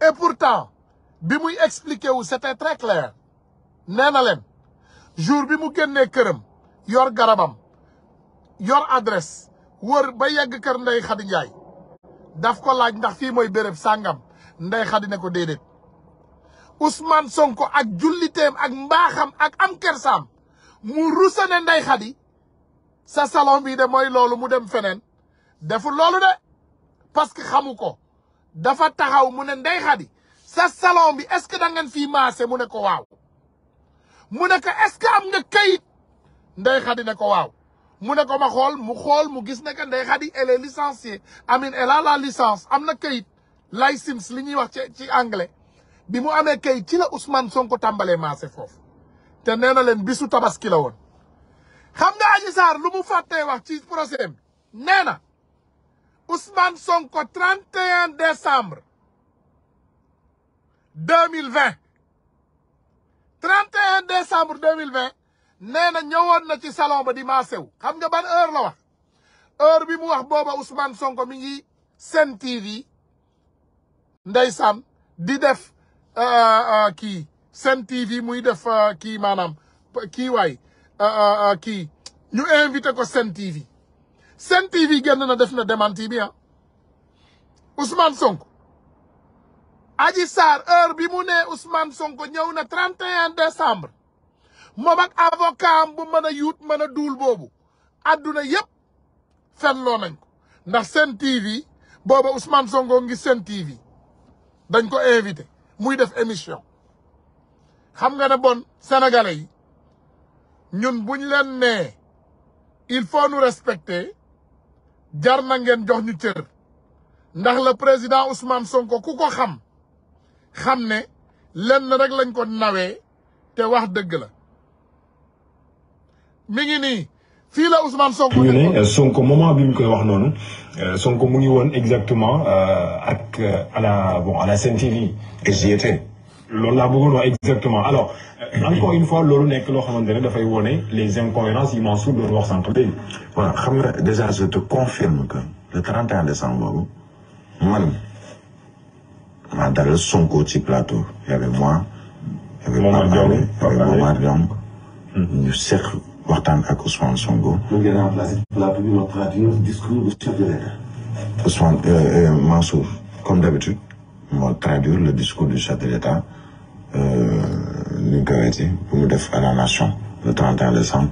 et pourtant bi muy expliqué wu c'était très clair nee na leen jour bi mu génnee këram yor garabam yor adresse wër ba yegg kër Ndeye Khady Ndiaye daf ko laaj ndax fii mooy béréb sàngam Ndeye Khady ne ko déedéet Ousmane Sonko ak julliteem ak mbaaxam ak am kersaam mu rusane Ndeye Khady sa salon bi de mooy loolu mu dem feneen deful loolu de parce que xamu ko dafa taxaw mu ne ndey xadi sa salon bi est-ce que da fii maase mu ne ko waaw mu ne ko est que am nga kayit ndey xadi ne ko waaw mu ne ko ma xool mu xool mu gis ne que ndey xadi elle est licenciée amin elle a la licence am na kayit license li ñuy wax ci ci anglais bi mu amee kayit ci la son ko tàmbalee maase foofu te nee na leen bisu tabaski woon xam nga Adji Sarr lu mu fàttee wax ci procès bi nee na Ousmane Sonko 31 décembre 2020 31 décembre 2020 nee na ñëwoon na ci salon ba di maasew xam nga ban heure la wax heure bi mu wax booba Ousmane Sonko mi ngi Sen TV ndeysaan di def euh, euh, kii Sen TV muy def euh, kii maanaam kii waay ki ñu invité ko Sen TV Sen TV génn na def na démenti bi ah Ousmane sonk Adji Sarr heure bi mu nee Ousmane Sonko ñëw na 31 décembre moom ak avocat am bu mën a yuut mën a duul boobu adduna yépp fenloo nañ ko ndax Sen TV booba Ousmane Sonko ngi Sen TV dañ ko invité muy def émission xam nga ne bon sénégalais yi ñun buñ leen nee il faut nous respecter jar na ngeen jox ñu cër ndax la président Ousmane Sonko ku ko xam xam ne lenn rek lañ ko nawee te wax dëgg la mi ngi ni fii la Ousmane Sonko. ñu ne euh, Sonko moment bi ñu koy wax noonu euh, Sonko mu ngi woon exactement euh, ak à la bon à la Sen TV loolu laa bëggoon wax exactement alors loolu nekk loo xamante ne dafay wone les incohérences yi Mansour doon wax sànq léegi. xam nga déjà te confirme que le 31 décembre boobu man hmm. waxtaan ak Ousmane Sonko. mu ngi remplacé bi ma euh, euh, de l'État. Ousmane le nu mu def à la nation le 31 décembre.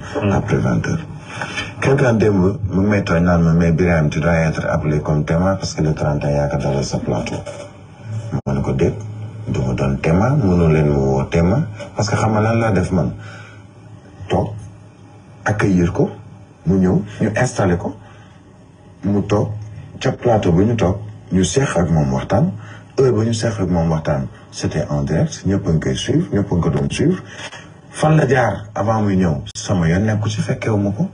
démb mu ngi may tooñ naan ma mais Birame tu dois être appelé comme témoin parce que le 31 yaa ko dalal sa plateau. ma ne ko dégg du doon témoin mënu leen ma woo parce que xam nga lan laa def man toog accueillir ko mu ñëw ñu installé ko mu toog ca plateau bu ñu toog ñu seex ak moom waxtaan. heure ba ñu seqal moom waxtaan c'était en direct ñëpp a ngi koy suivre ñëpp doon suivre fan la jaar avant mu ñëw sama yoon nekku ci fekkewuma ko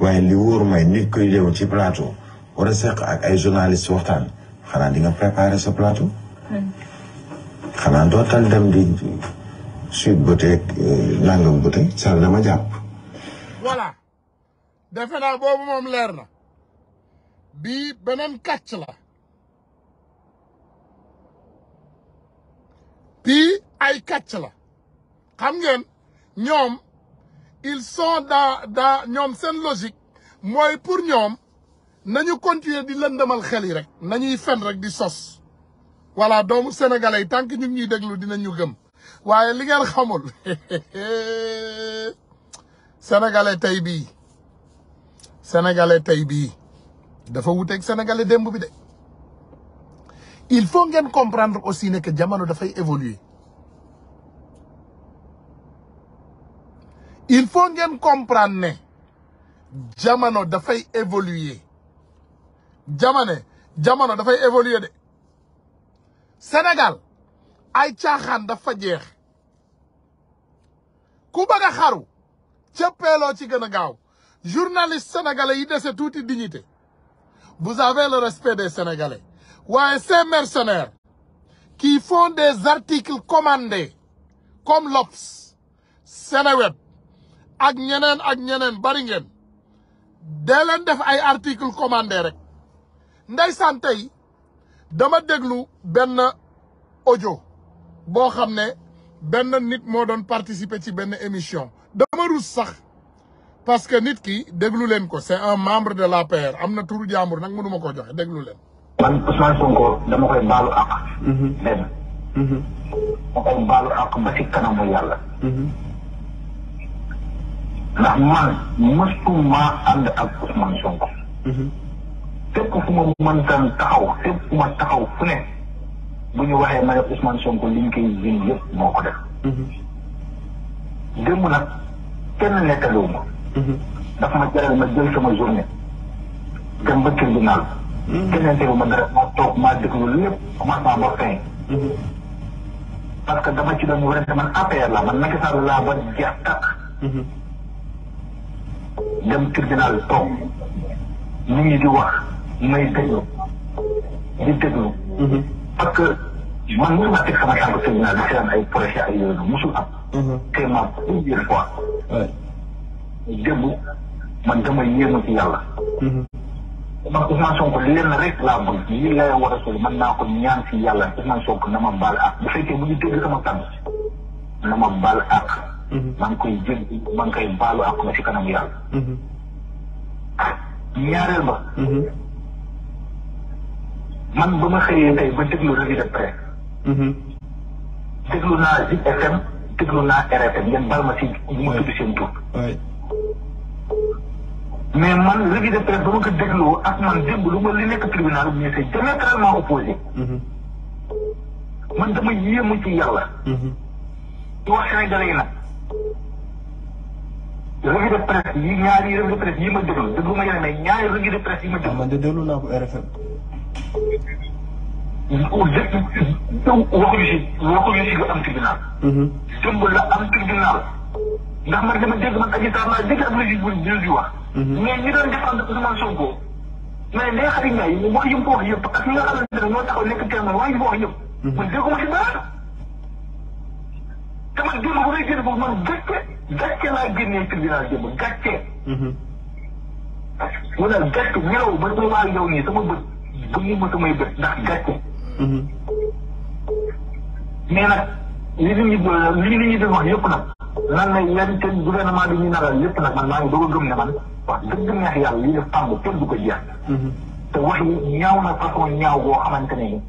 waaye li wóor may nit koy jëw ci plateau war a seq ak ay journaliste waxtaan xanaa di nga préparer sa plateau xanaa doo tal dem di sud bëteeg euh, nangam bëteeg sal dama jàpp voilà defe naa boobu moom leer na bii beneen kàcc la bii ay kàcc la xam ngeen ñoom il sont dans dans ñoom seen logique mooy pour ñoom nañu continuer di lëndëmal xel yi rek nañuy fen rek di sos voilà doomu sénégalais yi tant que ñu ngi ñuy dina ñu gëm waaye li ngeen xamul *laughs* sénégalais tey bii sénégalais tey bii dafa wuteeg sénégalais démb bi de il faut ngeen comprendre aussi ne que jamono dafay évoluer il faut ngeen comprendre ne jamono dafay évoluer jamono jamono dafay évoluer de Sénégal ay caaxaan dafa jeex ku bëgg a xaru cëppeeloo ci gën a gaaw journaliste sénégalais yi dese tuuti dignité vous avez le respect de sénégalais waaye ces mercenaires qui font des articles commandés comme l'Obs Seneweb ak ñeneen ak ñeneen bari ngeen dee leen def ay article commandé rek ndeysaan tey dama déglu benn audio boo xam ne benn nit moo doon participer ci benn émission dama rus sax parce que nit ki déglu leen ko c'est un membre de l'APR am na turu jàmbur nag mënuma ko joxe déglu man Ousmane Sonko dama koy baalu àq. Mhm. benn. Mhm. ma koy baalu àq ba ci kanamu yàlla. Mhm. ndax man mësuma ànd ak Ousmane Sonko. ko fu ma mëntan taxaw fépp fu ma taxaw fu nekk bu ñu waxee ma ne Ousmane Sonko liñ koy jël yëpp moo ko def. démb nag kenn nettaliwu ma. dafa ma jaral ma jël sama journée. dem ba tribunal. présenté wu ma dara ma toog ma déglu lépp commencement ba fin. parce que dama ci doon wérante man APR la man Macky Sall laa ba jeex tàkk. dem tribunal toog nit di wax may déglu di déglu. parce que man mosuma teg sama tànk tribunal di seetaan ay projet ay yooyu mosul am. te ma première fois. déglu man dama yéemu ci yàlla. man Ousmane Sonko lenn rek laa bëgg lii laa war a naa ko ñaan si yàlla Ousmane Sonko na ma baal ak bu fekkee bu ñu dégg sama tànn na ma baal ak. Mhm. maa ngi koy jël maa ngi koy ak na si kanam yàlla. Mhm. ñaareel ba. Mhm. man ba ma xëyee tey ba déglu revue de presse. déglu naa Zik FM déglu naa RFM yéen bal ma si mu mais man revue de presse ba ma ko dégloo ak man démb lu li nekk tribunal mais c'est diamétralement opposé. Mm-hmm. man dama yéemu a yàlla. di mm-hmm. wax i yi nag. revue de presse yi ñaari revue de presse yi ma déglu déglu ma yeneen mais ñaari revue de presse yi ma déglu. Ah, man de déglu naa ko RFM. waxuñu si waxuñu si lu am tribunal. Mm-hmm. démb la am tribunal. ndax man dama dégg man Adji Sarr laa dégg ab lu ji bu ñu wax. Mm-hmm. mais ñi doon défendre Ousmane Sonko mais Ndeye Khady Ndiaye mu wax yëpp wax yëpp ak ñi nga xamante ne ñoo taxaw nekk terme waaye ñu wax mm-hmm. man dégguma ci dara. te man démb bu may génn man gàcce gàcce laa génnee tribunal démb gàcce. Mm-hmm. mu ne gàcce ñëw ba ma waa yow nii sama bët bu ñu ma na bët ndax gàcce. mais nag li nit ñi li nit ñi man maa ngi doog a man. wax dëgg neex yàlla def tàmb kenn du ko jeex. Mhm. te wax yi ñaaw na ñaaw boo xamante ne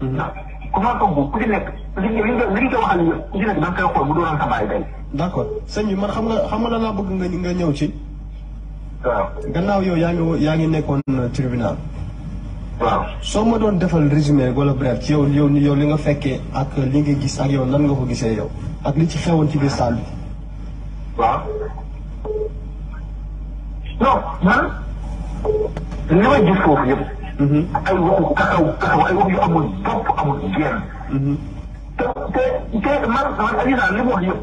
mhm. ndax ku fa togg ku ci nekk li koy xool bu doonoon sa bàyyi tey. d' accord sëñ bi man xam nga xam na lan laa bëgg nga nga ñëw ci. waaw gannaaw yow yaa ngi yaa ngi nekkoon euh, tribunal. waaw soo ma doon defal résumé wala bref ci yow yow yow li nga fekkee ak li nga gis ak yow nan nga ko gisee yow ak li ci xewoon ci biir salle bi. non man li may gis foofu yëpp. Mhm. ay waxu kakaw kakaw ay wax yu amul bopp amul genn. Mhm. te te te man man Adji Sarr li mu wax yëpp.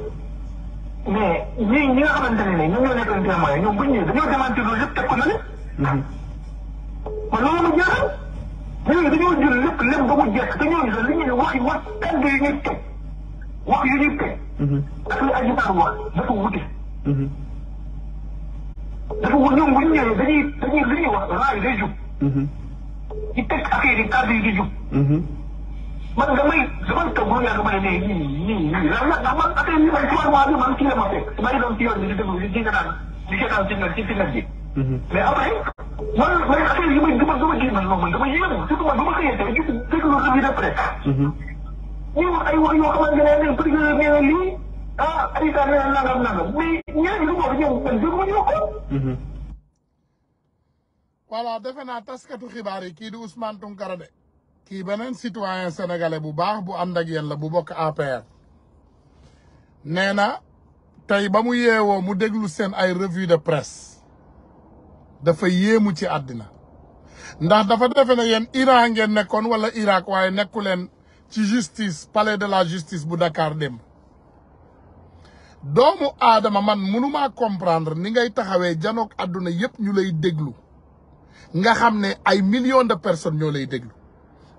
mais ñi ñi nga xamante ne ñoom ñoo nekk témoin ñoom bu ñu ñëwee dañoo démentir loolu yëpp teg ko na le. man mhm. loolu ma jaaxal. ñooñu dañoo jël lépp lépp ba mu jeex te ñooñu sax li ñu ne wax wax kàddu yu ñuy teg wax yu ñuy teg. ak li Adji Sarr wax dafa wute. dafa wut ñoom bu ñu ñëwee dañuy dañuy li ñuy wax raay day jub. ñu teg affaire yi kàddu yi di jub. man damay damay toog bu yàgg ma ne nii nii nii lan la ndax man affaire yi ay trois mois bi man kii la ma fekk may doon ci yoon bi di déglu di seetaan di seetaan ci net ci ci net bi. mais après man man affaire yi may dama dama gis man moom man dama yéem surtout man ba ma xëyee tey gis déglu revue de presse. ñu ay wax yoo xamante ne lii. ah président defe naa taskatu xibaar yi kii di Ousmane Tounkara de. kii beneen citoyen sénégalais bu baax bu ànd ak yéen la bu bokk APR. nee na tey ba mu yeewoo mu déglu seen ay revue de presse dafa yéemu ci àddina ndax dafa defe ne yéen Iran ngeen nekkoon wala Irak waaye nekku leen ci justice palais de la justice bu dakaar démb. doomu aadama man mënumaa comprendre ni ngay taxawee janook àdduna yépp ñu lay déglu nga xam ne ay million de personnes ñoo lay déglu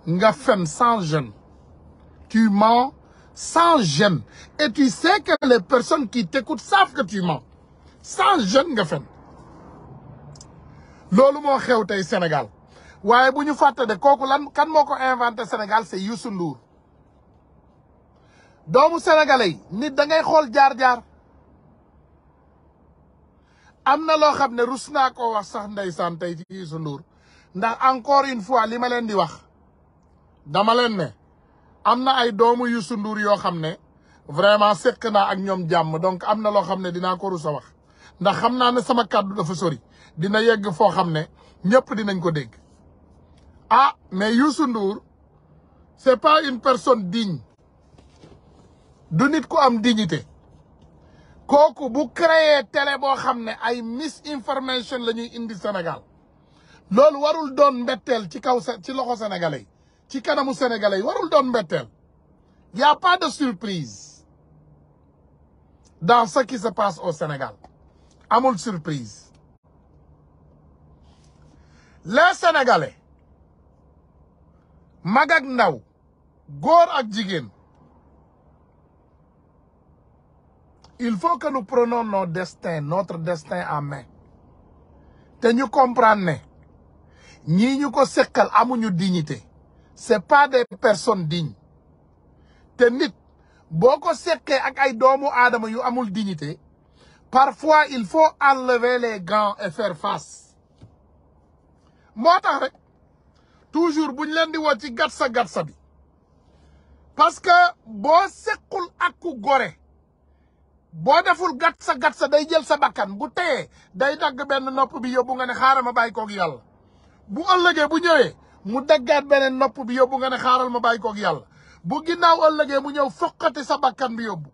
nga fen cent gêne tu mens sans gêne et tu sais que les personnes qui t'écoutent savent que tu mens sans gêne nga fen loolu moo xew tey Sénégal waaye bu ñu fàtte de kooku lan kan moo ko inventé Sénégal c'est Youssou Ndour doomu sénégalais yi nit da ngay xool jaar-jaar am na loo xam ne rus naa koo wax sax ndeysaan tey ci Youssou Ndour ndax encore une fois li ma leen di wax dama leen ne am na ay doomu yusu nduur yoo xam ne vraiment sekk naa ak ñoom jàmm donc am na loo xam ne dinaa ko rus a wax ndax xam naa ne sama kàddu fa sori dina yegg foo xam ne ñëpp dinañ ko dégg ah mais Youssou Ndour c'est pas une personne digne du nit ku am dignité kooku bu créer télé boo xam ne ay misinformation la ñuy indi Sénégal loolu warul doon mbetteel ci kaw ci loxo sénégalais ci kanamu sénégalais yi warul doon mbetteel y a pas de surprise dans ce qui se passe au Sénégal amul surprise les sénégalais magak ndaw góor ak jigéen il faut que nu prenions nos destin notre destin en main te ñu comprendre ñii ñu ko sekkal amuñu dignité c'est pas des personnes dignes te nit boo ko sekkee ak ay doomu aadama yu amul dignité parfois il faut enlever les gants et faire face moo tax rek toujours buñ leen di woo ci gatsa gatsa bi parce que boo sekkul ak ku gore boo deful gat sa gat sa day jël sa bakkan bu teyee day dagg benn nopp bi yóbbu nga ne xaaral ma bàyyi koog yàlla bu ëllëgee bu ñëwee mu daggaat beneen nopp bi yóbbu nga ne xaaral ma bàyyi koog yàlla bu ginnaaw ëllëgee mu ñëw foqati sa bakkan bi yóbbu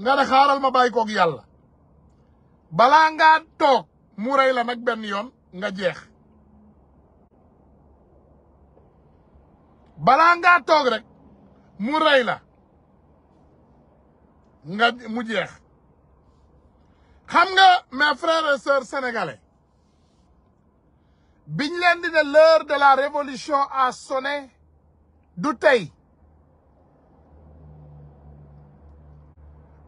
nga ne xaaral ma bàyyi koog yàlla balaa ngaa toog mu rey la nag benn yoon nga jeex balaa ngaa toog rek mu rey la nga mu jeex xam nga mes frères et sœurs sénégalais biñ leen di ne de la révolution a sonné du tey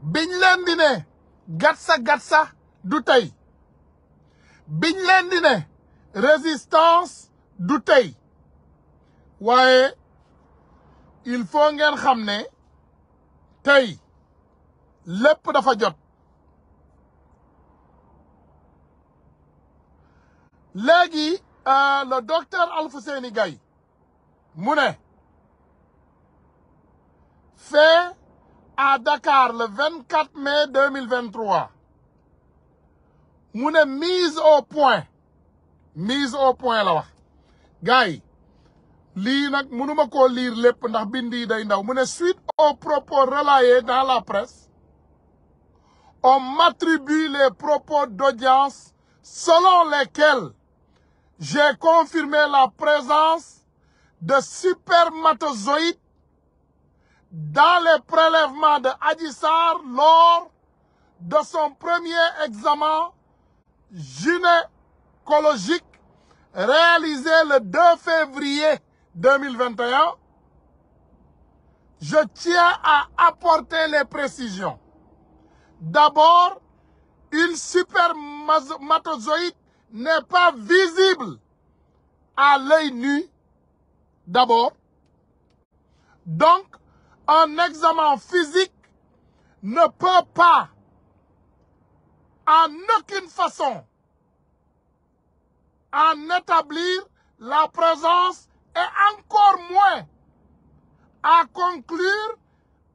biñ leen gatsa gatsa du tey biñ leen di résistance du tey waaye il faut ngeen xam ne tey lépp dafa jot léegi euh, le docteur Alfousseyni gay mu ne fait à Dakar le 24 mai 2023 mu ne mise au point mise au point la wax gars yi lii nag mënuma koo liir lépp ndax bind yi day ndaw mu ne suite aux propos relayés dans la presse on m'attribue les propos d'audience selon lesquels j'ai confirmé la présence de supermatozoïdes dans les prélèvements de Adji Sarr lors de son premier examen gynécologique réalisé le 2 février 2021. Je tiens à apporter les précisions D'abord, une supermatozoïde n'est pas visible à l'œil nu, d'abord. Donc, un examen physique ne peut pas, en aucune façon, en établir la présence et encore moins à conclure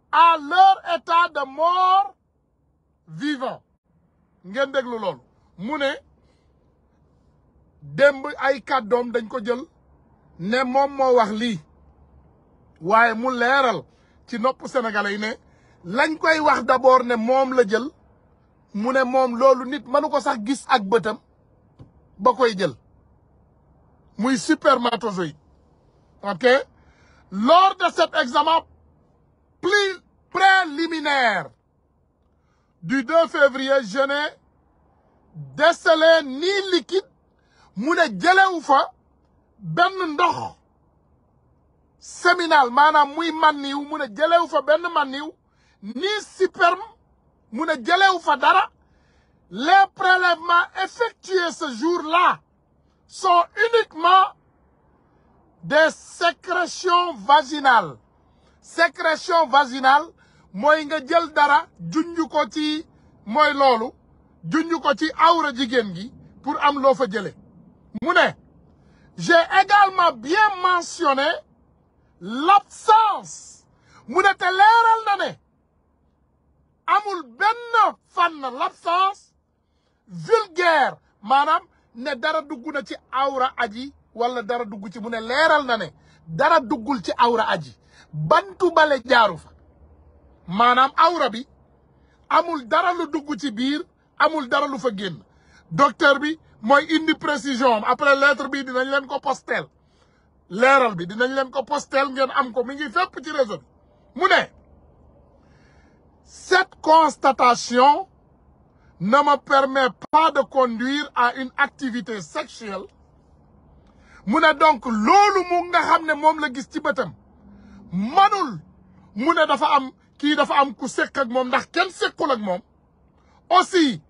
à leur état de mort vivant ngeen déglu lool mu ne démb ay kàddoom dañ ko jël ne moom moo wax lii waaye mu leeral ci nopp sénégalais yi lañ koy wax d'abord ne moom la jël mu ne moom loolu nit mënu ko sax gis ak bëtam ba koy jël muy supermatozoïde ok lors de cet examen plus préliminaire du 2 février je n'ai décelé nii liquide mu ne jëlewu fa benn ndox séminal maanaam muy manniw mu ne jëlewu fa benn manniw nii sperme mu ne jëlewu fa dara les prélèvements effectués ce jour-là sont uniquement des sécrétions vaginales sécrétions vaginales mooy nga jël dara junj ko ci mooy loolu junj ko ci awra jigéen gi pour am loo fa jële mu ne j'ai également bien mentionné l'absence mu ne te leeral na ne amul benn fànn l'absence vulgaire maanaam ne dara dugg na ci awra aji wala dara dugg ci mu ne leeral na ne dara duggul ci awra aji bantu bale jaaru fa maanaam awra bi amul dara lu dugg ci biir amul dara lu fa génn docteur bi mooy indi précision am après lettre bi dinañ leen ko postel leeral bi dinañ leen ko postel ngeen am ko mu ngi fépp ci réseau bi mu ne cette constatation ne me permet pas de conduire à une activité sexuelle mu ne donc loolu mu nga xam ne moom la gis ci bëtam manul mu ne dafa am kii dafa am ku sekk moom ndax kenn sekkul ak moom aussi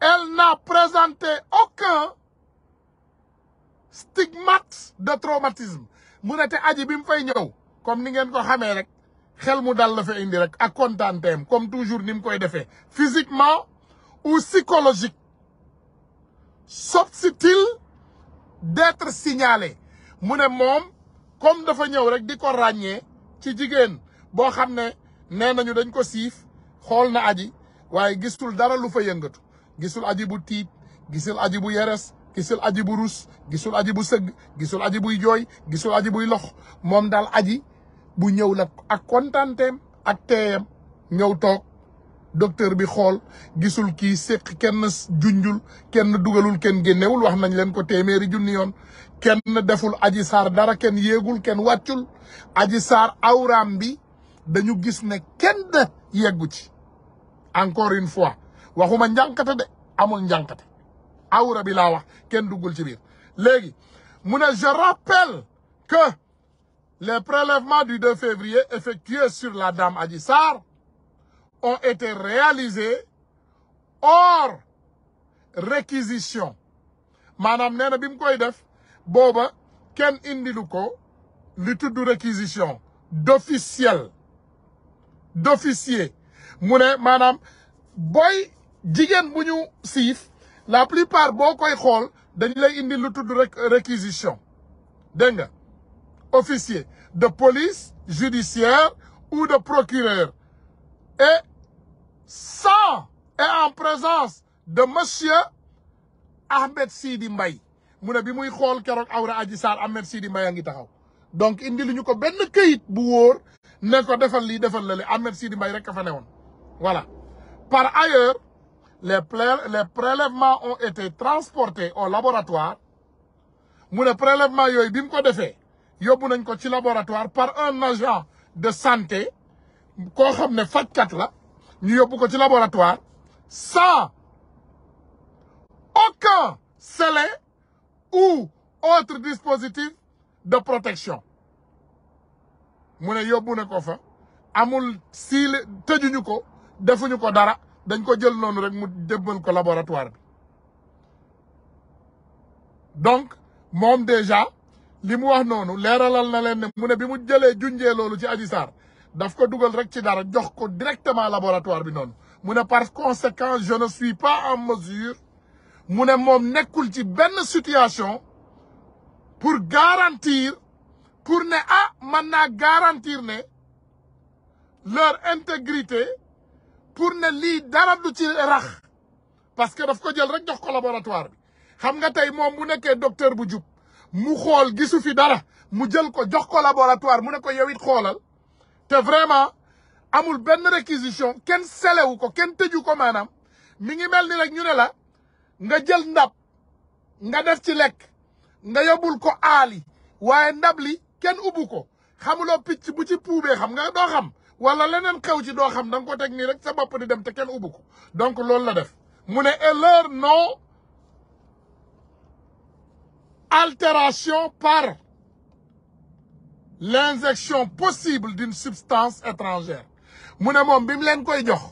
elle n'a présenté aucun stigmate de traumatisme mu ne te bi mu fay ñëw comme ni ngeen ko xamee rek xel mu dal la fa indi rek ak kontaanteem comme toujours ni mu koy defee physiquement ou psychologique s'obstine-t-il d'être signalé mu ne moom comme dafa ñëw rek di ko ràññee ci jigéen boo xam ne nee nañu dañ ko siif xool na aji waaye gisul dara lu fa yëngatu gisul aji bu tiit gisul aji bu yeres gisul aji bu rus gisul aji bu sëgg gisul aji buy jooy gisul aji buy lox moom daal aji bu ñëw la ak kontaanteem ak teeyam ñëw toog docteur bi xool gisul kii séq kenn junjul kenn dugalul kenn génnewul wax nañ leen ko téeméeri junni yoon kenn deful aji sar dara kenn yéegul kenn wàccul aji sar awraam bi dañu gis ne kenn yeggu ci encore une fois waxuma njànkate de amul njànkate awra bi laa wax kenn duggul ci biir léegi mu ne je rappelle que les prélèvements du 2 février effectués sur la dame aji Sarr ont été réalisés hors réquisition maanaam nee na bi mu koy def booba kenn indilu ko li tudd réquisition d'officiel d'officier mu ne maanaam booy jigéen bu ñu siif la plupart boo koy xool dañu lay indi lu tudd réquisition dégg nga officier de police judiciaire ou de procureur et sans et en présence de monsieur Ahmed Sidi mbay mu ne bi muy xool keroog awra Adji Sarr Ahmed Sidi Mbaye a ngi taxaw donc indi lu ñu ko benn këyit bu wóor ne ko defal lii defal la le Ahmed Sidi Mbaye kafane a fa voilà par ailleurs les les prélèvements ont été transportés au laboratoire mu ne prélèvement yooyu bi mu ko defee yóbbu nañ ko ci laboratoire par un agent de santé koo xam ne fajkat la ñu yóbbu ko ci laboratoire sans aucun scellé ou autre dispositif de protection mu ne yóbbu na ko fa amul siile tëjuñu ko defuñu ko dara dañ ko jël noonu rek mu débbal ko laboratoire bi donc moom déjà li mu wax noonu leeralal na leen ne mu ne bi mu jëlee junjee loolu ci Adji Sarr daf ko dugal rek ci dara jox ko directement laboratoire bi noonu mu ne par conséquent je ne suis pas en mesure mu ne moom nekkul ci benn situation pour garantir pour ne ah man naa garantir ne leur intégrité pour ne li dara du ci rax parce que daf ko jël rek jox ko laboratoire bi xam nga tey moom mu nekkee docteur bu jub mu xool gisu fi dara mu jël ko jox ko laboratoire mu ne ko yow it xoolal vraiment amul benn réquisition kenn selewu ko kenn tëju ko maanaam mi ngi mel ni rek ñu ne la nga jël ndab nga def ci lekk nga yóbbul ko aali waaye ndab li kenn ubbu ko xamuloo picc mu ci puubee xam nga doo xam wala leneen xew ci doo xam da nga ko teg nii rek sa bopp di dem te kenn ubbu ko donc loolu la def mu ne et leur non altération par l'injection possible d'une substance étrangère mu ne moom bi mu leen koy jox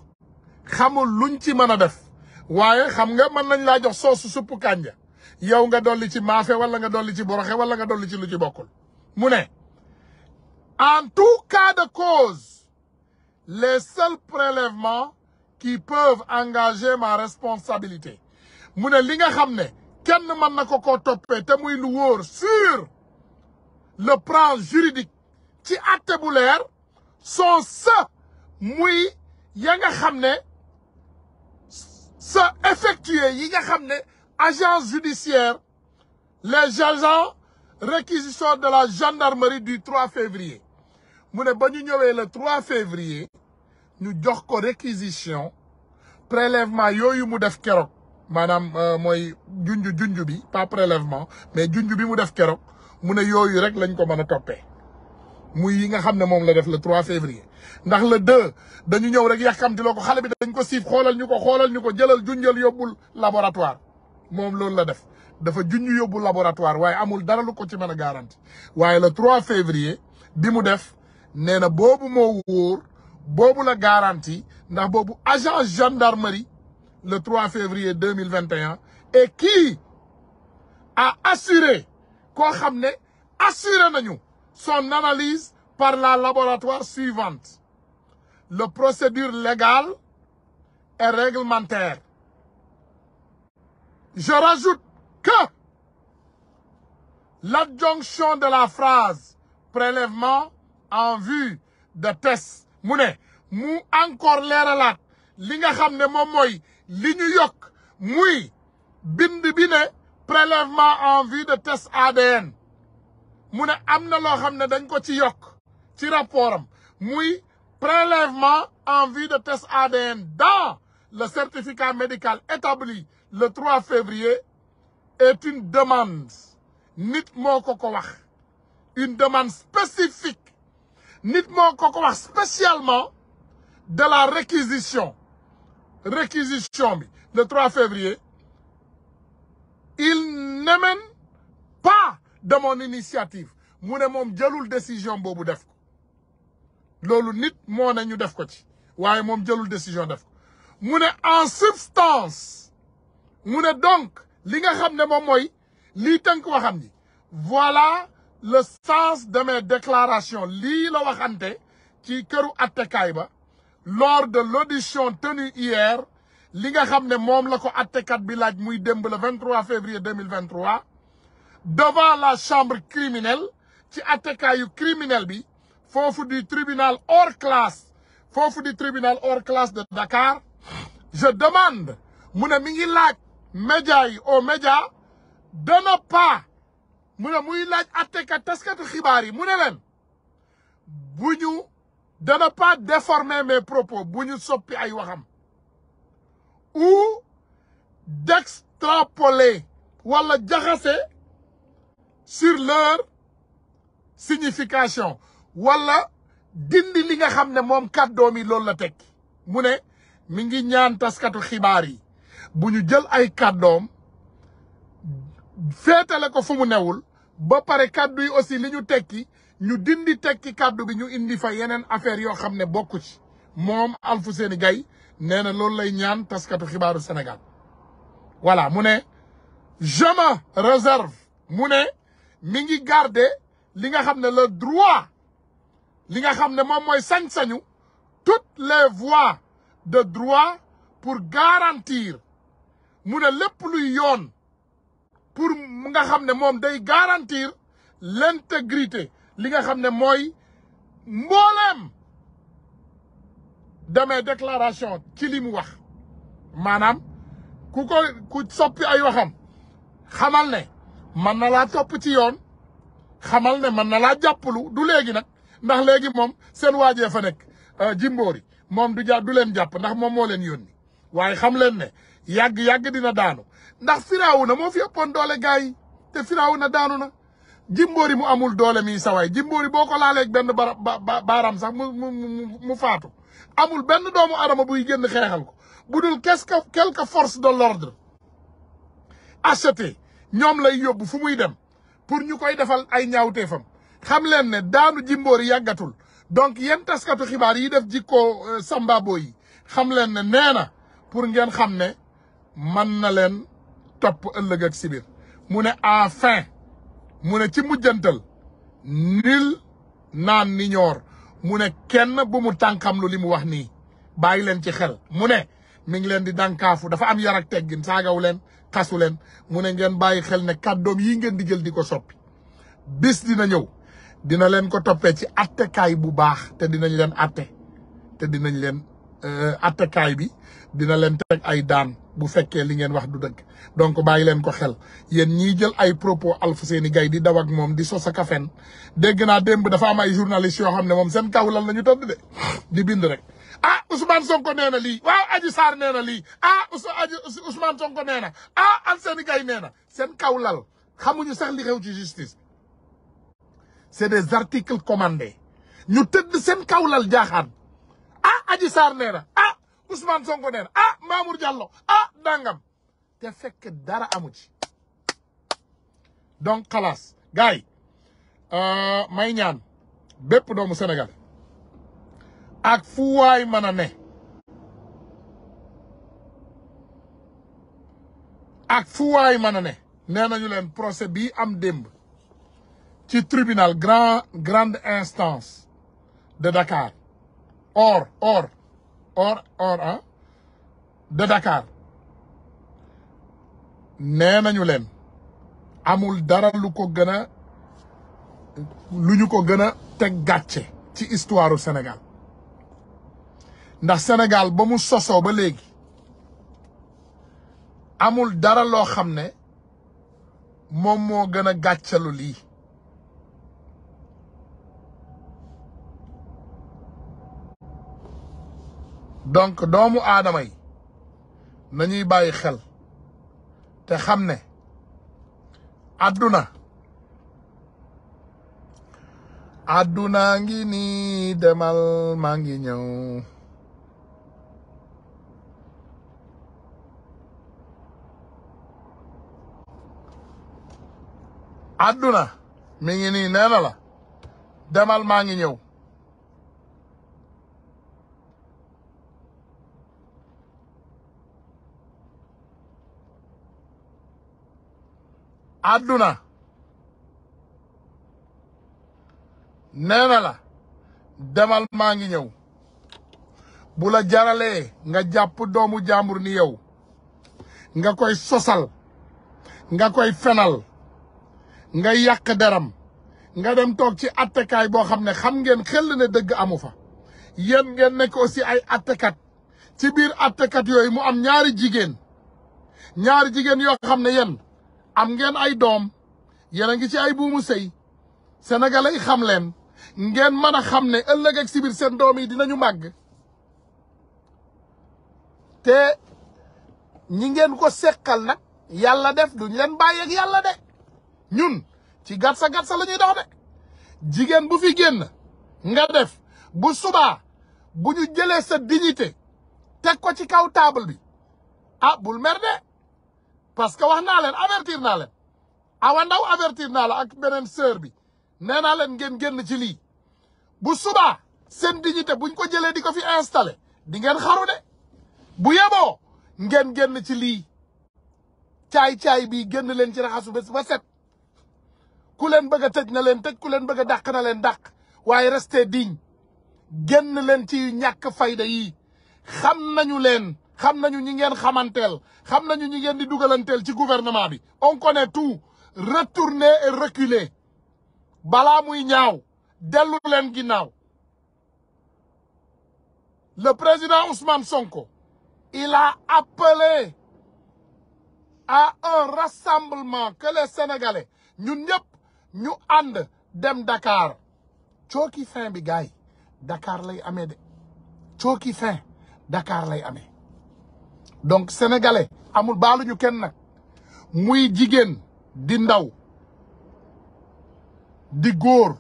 xamul luñ ci mën a def waaye xam nga mën nañ laa jox soosu suppu kànja yaw nga dolli ci maafe wala nga dolli ci boroxe wala nga dolli ci lu ci bokkul mu ne en tout cas de cause les seuls prélèvements qui peuvent engager ma responsabilité mu ne li nga xam ne kenn mën na ko koo toppee te muy lu sur le plan juridique ci acte bu leer sont ceux muy ya nga xam ne ceux effectués yi nga xam ne agence judiciaire les agents réquisition de la gendarmerie du 3 février mu ne ba ñu ñëwee le 3 février ñu jox ko réquisition prélèvement yooyu mu def keroog maanaam euh, mooy junj junj bi pas prélèvement mais junj bi mu def keroog mu ne yooyu rek lañ ko mën a toppee muy yi nga xam ne moom la def le 3 février ndax le 2 dañu ñëw rek yàkkamti loo ko xale bi dañ ko siif xoolal ñu ko xoolal ñu ko jëlal junjal yóbbul laboratoire moom loolu la def dafa junj yóbbu laboratoire waaye amul dara lu ko ci mën a garanti waaye le 3 février bi mu def nee na boobu moo wóor boobu la garanti ndax boobu agent gendarmerie le 3 février 2021 et qui a assuré koo xam ne assuré nañu son analyse par la laboratoire suivante le procédure légale et réglementaire je rajoute que l'adjonction de la phrase prélèvement en vue de test mu ne mu encore leeralaat li nga xam ne moom mooy li ñu yokk muy bind bi ne prélèvement en vue de test ADN mu ne am na loo xam ne dañ ko ci yokk ci rappor am muy prélèvement en vue de test ADN dans le certificat médical établi le 3 février est une demande nit moo ko ko wax une demande spécifique nit moo ko ko wax spécialement de la réquisition réquisition bi le 3 février il n'émane pa de mon initiative mu ne moom jëlul décision boobu def ko loolu nit moo ne ñu def ko ci waaye moom jëlul décision def ko mu ne en substance mu ne donc li nga xam ne moom mooy lii tënk waxam ni voilà le sens de mes déclarations lii la waxante ci këru attekaay ba lors de l'audition tenue hier li nga xam ne moom la ko attekat bi laaj muy démb le 23 février 2023 devant la chambre criminelle ci attekaayu criminel bi foofu du tribunal hors classe foofu du tribunal hors classe de Dakar je demande mu ne mi ngi laaj média yi au média dana pas mu ne muy laaj attekat taskatu xibaar yi mu ne leen bu ñu dana pas déformer mes propos bu ñu soppi ay waxam ou d'extrapoler wala jaxase sur leur signification wala dindi li nga xam ne moom kàddoom yi loolu la teg mu ne mi ngi ñaan taskatu xibaar yi bu ñu jël ay kàddoom féetale ko fu mu newul ba pare kàddu yi aussi li ñu tekki ñu dindi tekki kàddu bi ñu indi fa yeneen affaire yoo xam ne bokku ci moom Alfousseyni Gaye nee na loolu lay ñaan taskatu xibaaru senegal voilà mu ne je me mu ne mi ngi garder li nga xam ne la droit li nga xam ne moom mooy sañ-sañu toutes les voies de droit pour garantir mu ne lépp luy yoon pour nga xam ne moom day garantir l'intégrité li nga xam ne mooy mbooleem demee déclaration ci li mu wax maanaam ku ko ku soppi ay waxam xamal ne mën na laa topp ci yoon xamal ne mën na laa jàppalu du léegi nag ndax léegi moom seen waajee fa nekk euh, jimboori moom du ja du leen jàpp ndax moom moo leen yónni waaye xam leen ne yàgg-yàgg dina daanu ndax Firawna moo fi ëppoon doole gars yi te Firawna daanu na jimboori mu amul doole mi sawaay jimboori boo ko laaleeg benn baaraam sax mu mu mu faatu amul benn doomu adama buy génn xeexal ko bu dul quelque quelque force de l'ordre acheté ñoom lay yóbbu fu muy dem pour ñu koy defal ay ñaawteefam xam leen ne daanu jimboori yàggatul donc yéen taskatu xibaar yi def jikkoo euh, sambabo yi xam leen ne nee na pour ngeen xam ne man na leen topp ëllëg ak sibir mu ne à fin mu ne ci mujjantal nil naan ni ñoor mu ne kenn bu mu lu li mu wax nii bàyyi leen ci xel mu ne mi ngi leen di dànkaafu dafa am yar teggin saagaw leen xasu leen mu ne ngeen bàyyi xel ne kàddoom yi ngeen di jël di ko soppi bis dina ñëw dina leen ko toppee ci attekaay bu baax te dinañ leen atte te dinañ leen Euh, attekaay bi dina leen teg ay daan bu fekkee li ngeen wax du dëgg donc bàyyi leen ko xel yéen ñiy jël ay propos Alfousseyni Gaye di daw ak moom di sos ak a fen dégg naa démb dafa am ay journalistes yoo xam ne moom seen kaw lan la ñu tëdd de di bind rek ah Ousmane Sonko nee na lii waaw Adji Sarr nee na lii ah Ousmane Sonko nee na ah Alfousseyni Gaye nee na seen kaw lal xamuñu sax li xew ci justice c'est des articles commandés ñu tëdd seen kaw lal a ah, Adji Sarr nee na ah Ousmane Sonko nee na ah Mamour Diallo ah, dangam te fekk dara amu ci donc xalaas gars yi euh, may ñaan bépp doomu Sénégal ak fu waay mën ne ak fu waay mën a ne nee nañu leen procès bii am démb ci tribunal grand grande instance de Dakar or or or or ah de Dakar nee nañu leen amul dara lu ko gën lu ñu ko gën a teg gàcce ci histoire senegal ndax Sénégal ba mu sosoo ba léegi amul dara loo xam ne moom moo gën a gàccalu lii donc doomu aadama yi nañuy bàyyi xel te xam ne àdduna àdduna ngi nii demal maa ngi ñëw àdduna mi ngi nii nee la demal maa ngi ñëw àdduna nee la demal maa ngi ñëw bu la jaralee nga jàpp doomu jàmbur ni yow nga koy sosal nga koy fenal nga yàq deram nga dem toog ci attekaay boo xam ne xam ngeen xel ne dëgg amu fa yéen ngeen nekk aussi ay attekat ci biir attekat yooyu mu am ñaari jigéen ñaari jigéen yoo xam ne yéen am ngeen ay doom yéen a ngi ci ay buumu sey sénégalais yi xam leen ngeen mën a xam ne ëllëg ak si seen doom yi dinañu màgg te ñi ngeen ko seqal nag yàlla def duñ leen bàyyeeg yàlla de ñun ci gatsa gatsa la ñuy dox de jigéen bu fi génn nga def bu subaa bu ñu jëlee sa dignité teg ko ci kaw table bi ah bul mer de parce que wax naa leen avertir naa awandaw awa ndaw avertir naa la ak beneen sœur bi nee naa leen ngeen génn ci lii bu subaa seen dignité buñ ko jëlee di ko fi installé di ngeen xaru bu yeboo ngeen génn ci lii caay-caay bi génn leen ci raxasu bés ba set ku leen bëgg a tëj na leen tëj ku leen bëgg a dàq na leen dàq waaye restez digne génn leen ci ñàkk fayda yi xam nañu leen xam nañu ñi ngeen xamantel xam nañu ñu ngeen di dugalanteel ci gouvernement bi on connaît tout retourner et reculer balaa muy ñaaw dellu leen ginnaaw le président Ousmane Sonko il a appelé à un rassemblement que les Sénégalais ñun ñëpp ñu ànd dem Dakar cooki fin bi gars Dakar lay ame de cooki fin Dakar lay ame donc sénégalais amul baaluñu kenn nag muy jigéen di ndaw di góor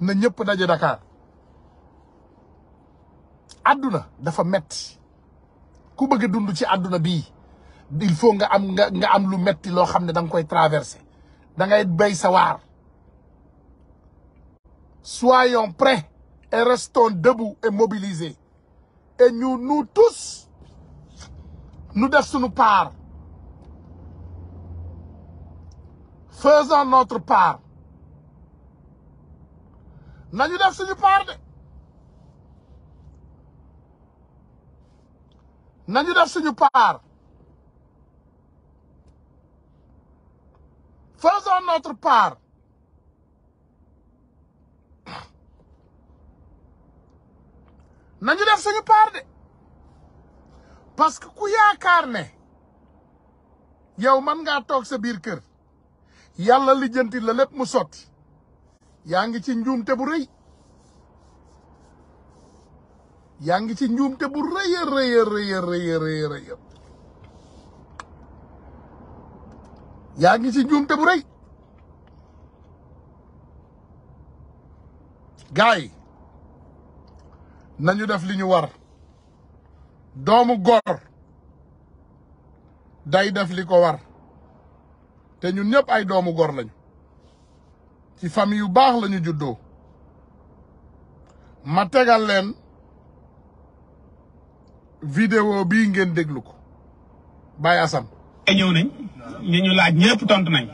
na ñëpp daje Dakar àdduna dafa metti ku bëgg a dund ci àdduna bi il faut nga am nga nga am lu metti loo xam ne da nga koy traversé da ngay béy sa waar soyons prêts et restons debout et mobilisés et ñu nous nu def suñu part faisons notre part nañu def suñu part de nañu def suñu part faisons notre part nañu def suñu part de parce que ku yaakaar ne yow man ngaa toog sa biir kër yàlla lijjanti la lépp mu sotti yaa ngi ci njuumte bu rëy yaa ngi ci njuumte bu rëy a yaa ngi ci njuumte bu rëy gars yi nañu def li ñu war doomu góor day def li ko war te ñun ñëpp ay doomu góor lañu ci famille yu baax lañu juddoo ma tegal leen vidéo bii ngeen déglu ko Baye Assane ñëw nañ ñi ñu laaj ñëpp tontu nañ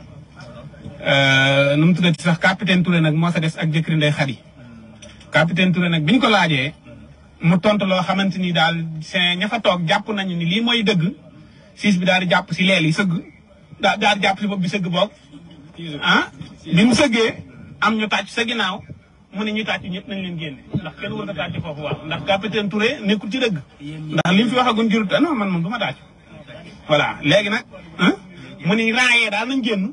euh, nu mu tuddati sax capitaine Touré nag moo sa des ak jëkkëri Ndeye Khady capitaine nag biñ ko laajee mu tontu loo xamante ni daal seen ña fa toog jàpp nañu ni lii mooy dëgg siis bi daal di jàpp si leel yi sëgg daal di jàpp si bopp bi sëgg boog ah bi mu sëggee am ñu tàcc sa ginnaaw mu ne ñu tàcc ñëpp nañ leen génn ndax kenn war a tàcc foofu waaw ndax capitaine Touré nekkul ci dëgg ndax li mu fi waxagun jurut ah non man moom du ma tàcc voilà léegi nag ah? mu ni raayee daal nañ génn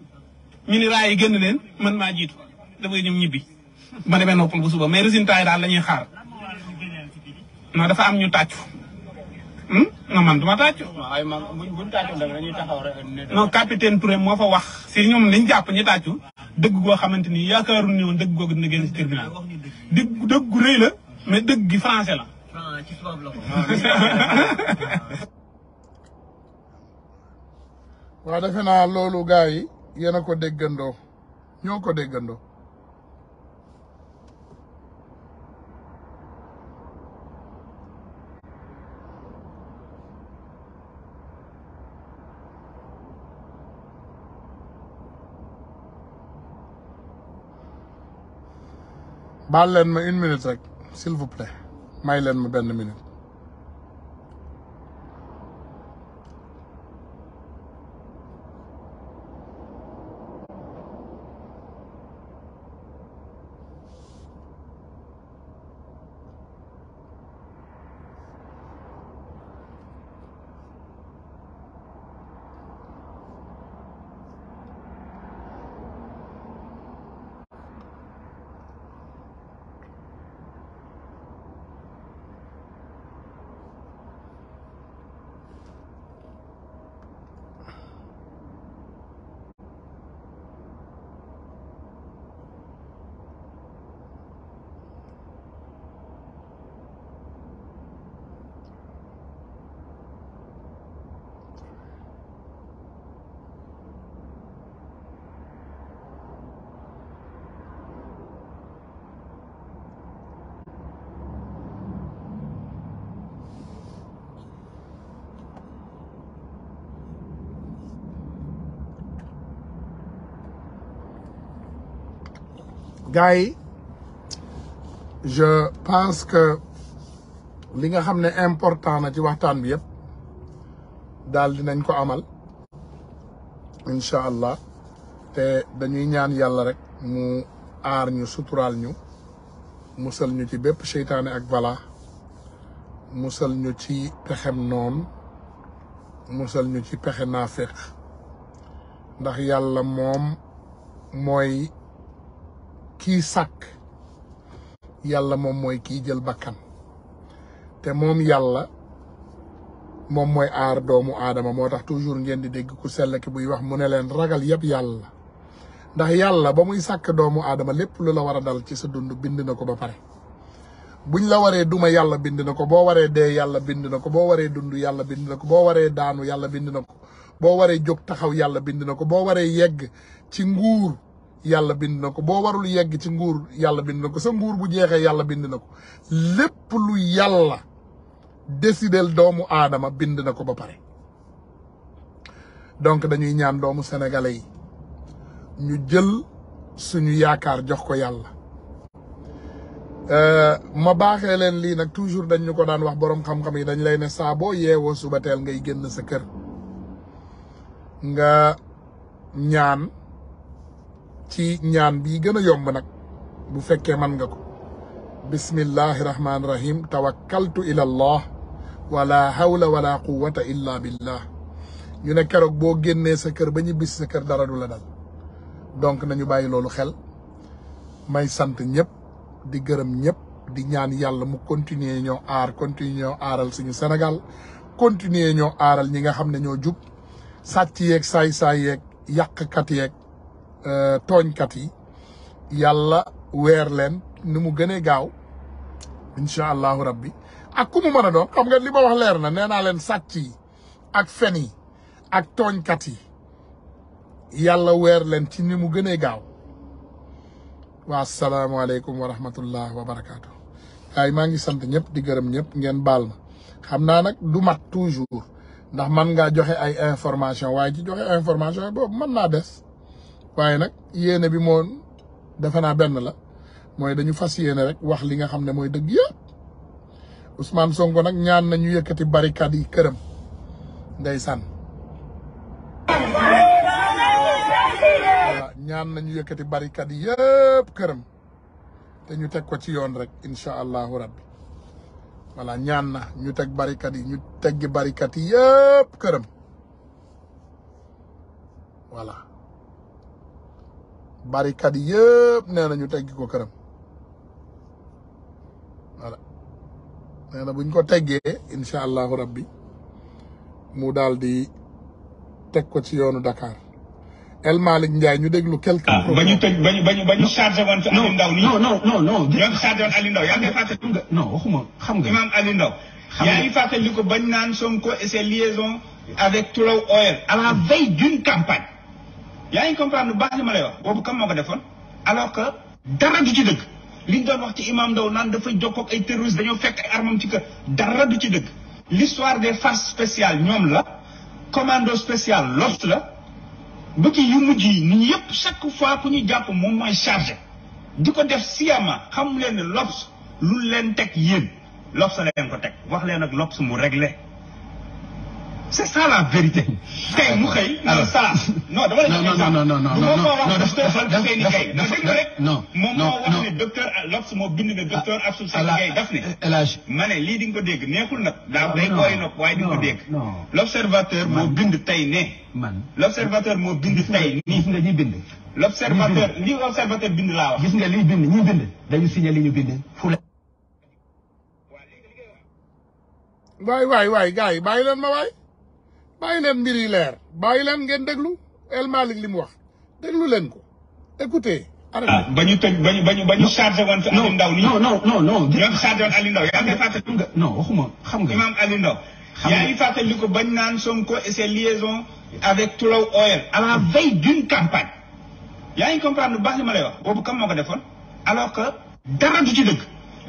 ñu ni raayee génn leen man maa jiitu dafay ñoom ñibbi ma demee noppal bu mais résultat yi daal la ñuy xaar non dafa am ñu tàccu. Hmm? non man du ma tàccu. waaye buñ tàccu dañuy taxaw rek. non capitaine Touré moo fa wax. si ñoom liñ jàpp ñu tàccu. dëgg goo xamante ni yaakaaruñu ne woon dëgg googu dina génn si tribunal dëgg dëgg rëy la mais dëgg gi français la. Ah, *laughs* waaw defe naa loolu gars yi yéen a ko déggandoo ñoo ko déggandoo. baal leen ma une minute rek s'il vous may leen ma benn minute. gars yi je pense que li nga xam ne important na ci waxtaan bi yëpp daal dinañ ko amal incha allah te dañuy ñaan yàlla rek mu aar ñu suturaal ñu musal ñu ci bépp seytaane ak bala musal ñu ci pexem noon musal ñu ci pexe naafeq ndax yàlla moom mooy kii sàkk yàlla moom mooy kii jël bakkan te moom yàlla moom mooy aar doomu aadama moo tax toujours ngeen di dégg ku sell ki buy wax mu ne leen ragal yëpp yàlla ndax yàlla ba muy sàkk doomu aadama lépp lu la war a dal ci sa dund bind na ko ba pare buñ la waree duma yàlla bind na ko boo waree dee yàlla bind na ko boo waree dund yàlla bind na ko boo waree daanu yàlla bind na ko boo waree jóg taxaw yàlla bind na ko boo waree yegg ci nguur yàlla bind na ko boo warul yegg ci nguur yàlla bind na ko sa nguur bu jeexee yàlla bind na ko lépp lu yàlla décidel doomu aadama bind na ko ba pare donc dañuy ñaan doomu sénégalais yi ñu jël suñu yaakaar jox ko yàlla euh, ma baaxee leen lii nag toujours dañ ñu ko daan wax boroom xam-xam yi dañ lay ne saa boo yeewoo suba teel ngay génn sa kër nga ñaan ci ñaan bi gën a yomb nag bu fekkee man nga ko bismillahi rahmaani rahim tawakkaltu ila allah wala hawla wala quwwata illa billah ñu ne keroog boo génnee sa kër ba ñu bis sa kër dara la dal donc nañu bàyyi loolu xel may sant ñëpp di gërëm ñëpp di ñaan yàlla mu continuer ñoo aar continuer ñoo aaral suñu senegal continuer ñoo aaral ñi nga xam ne ñoo jub sàcc yeeg saay saay yeeg yàqkat yeeg Euh, tooñkat yi yàlla weer leen ni mu gënee gaaw incha allahu rabbi ak ku mu mën doon xam nga li ma wax leer na nee naa leen sàcc ak fen yi ak tooñkat yi yàlla weer leen ci ni mu gënee gaaw waa asalaamualeykum wa rahmatullah wa barakaatu. maa ngi sant ñëpp di gërëm ñëpp ngeen baal ma xam naa nag du mat toujours ndax man ngaa joxe ay information waaye ci joxe information boobu mën naa des waaye nag yéene bi moom defe naa benn la mooy dañu fas yéene rek wax li nga xam ne mooy dëgg yëpp Ousmane Sonko nag ñaan na ñu yëkkati barikat yi këram ndeysaan ñaan nañu yëkkati barricade yëpp këram te ñu teg ko ci yoon rek incha allahu rabbi voilà ñaan na ñu teg barikat yi ñu teggi barikat yi yëpp këram voilà barricade yi yëpp nee ñu teggi ko këram wala nee na buñ ko teggee incha allahu rabbi mu daal di teg ko ci yoonu Dakar El Malick Ndiaye ñu déglu quelque. ah ba ñu tëj ba ñu ba nii non non non non. ñoom chargé woon Aliou Ndao yaa ngi fàttali nga xam nga. imam Aliou Ndao. xam nga yaa ngi ko bañ naan Sonko et ses liaisons avec Tullow Oil. à la veille d'une campagne. yaa ngi comprendre lu baax li ma lay wax boobu kam moo ko on alors que dara du ci dëgg liñ doon wax ci imam Ndao naan dafay jokkoog ay terroristes dañoo fekk ay armam ci kë dara du ci dëgg l'histoire des forces spéciales ñoom la commando spécial lost la ba ci yu mujj yi nit ñi chaque fois ku ñu jàpp moom mooy chargé di ko def sciemment xam leen ne lobs lu leen teg yéen lobs leen ko teg wax leen ak lobs mu réglé c'est ça la vérité. tey ah, mu xëy. alors ah. ça non dama la jox. non non non non non non docteur Seyni Gueye. dafa dafa non moom moo wax ne docteur Lobs moo bind ne docteur Abdou ah, Seyni Gueye daf ne. El Hadj ma ne lii di nga ko dégg neexul nag. daaw day booy nag waaye di nga ko dégg. l'observateur moo bind tey ne. man l'observateur moo bind tey nii. gis nga ñi bind. l'observateur li l'observateur bind laa wax. gis nga liy bind ñi bind dañu signé li ñu bind fu la. waay waay waay gars yi bàyyi leen ma waay. bàyyi leen mbir yi leer bàyyi leen ngeen déglu El Malick li mu wax déglu leen ko écoutez. ah ba ñu tëj ba ñu ba ñu ba ñu chargé woon. Aliou Ndao nii non non non non. ñoom chargé woon Aliou Ndao yaa waxuma xam nga. imam Aliou Ndao. xam nga yaa ngi ko bañ naan Sonko et ses liaisons avec Tullow Oil à la veille d'une campagne. yaa ngi comprendre bu baax li ma lay wax boobu kam ko defoon alors que dara du ci dëgg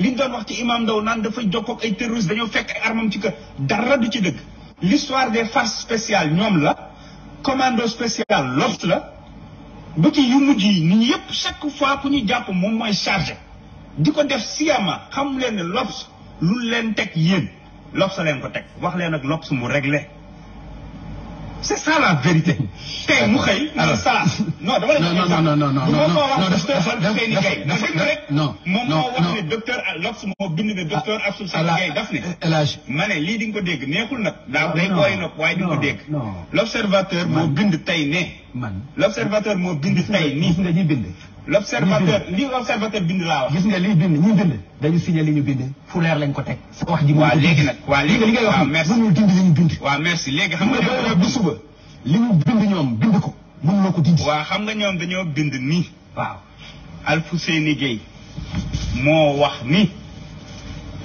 li ñu wax ci imam ndaw naan dafa jokkoog ay terroristes dañoo fekk ay armam ci ka dara du ci dëgg. l'histoire de forces spéciales ñoom la commando spécial lost la ba ci yu mujj yi nit yëpp chaque fois ku ñu jàpp moom mooy chargé di ko def siyama xam leen ne lops lu leen teg yéen lops leen ko teg wax leen ak lops mu réglé c'est ça la vérité. tey mu xëy. alors ah. ça no dama la. non non non non non non docteur Seyni Gueye. non moom moo wax ne docteur Lops moo bind ne docteur Abdou ah, Seyni daf ne. ma ne lii di nga ko dégg neexul nag. daaw day koy nag waaye di nga ko dégg. l'observateur moo bind tey ne. man l'observateur moo bind tey nii. nga ñuy bind. l' observateur li l' observateur bind laa wax. gis nga liy bind ñuy bind dañu signé li ñu bind fu lañ ko teg. wax ji mu léegi nag waaw léegi li ngay wax merci mënul dindi li ñu bind. waaw merci léegi xam nga dañoo bu suba li ñu bind ñoom bind ko mënuloo ko dindi. waaw xam nga ñoom dañoo bind nii. waaw Alfousseyni Gueye moo wax ni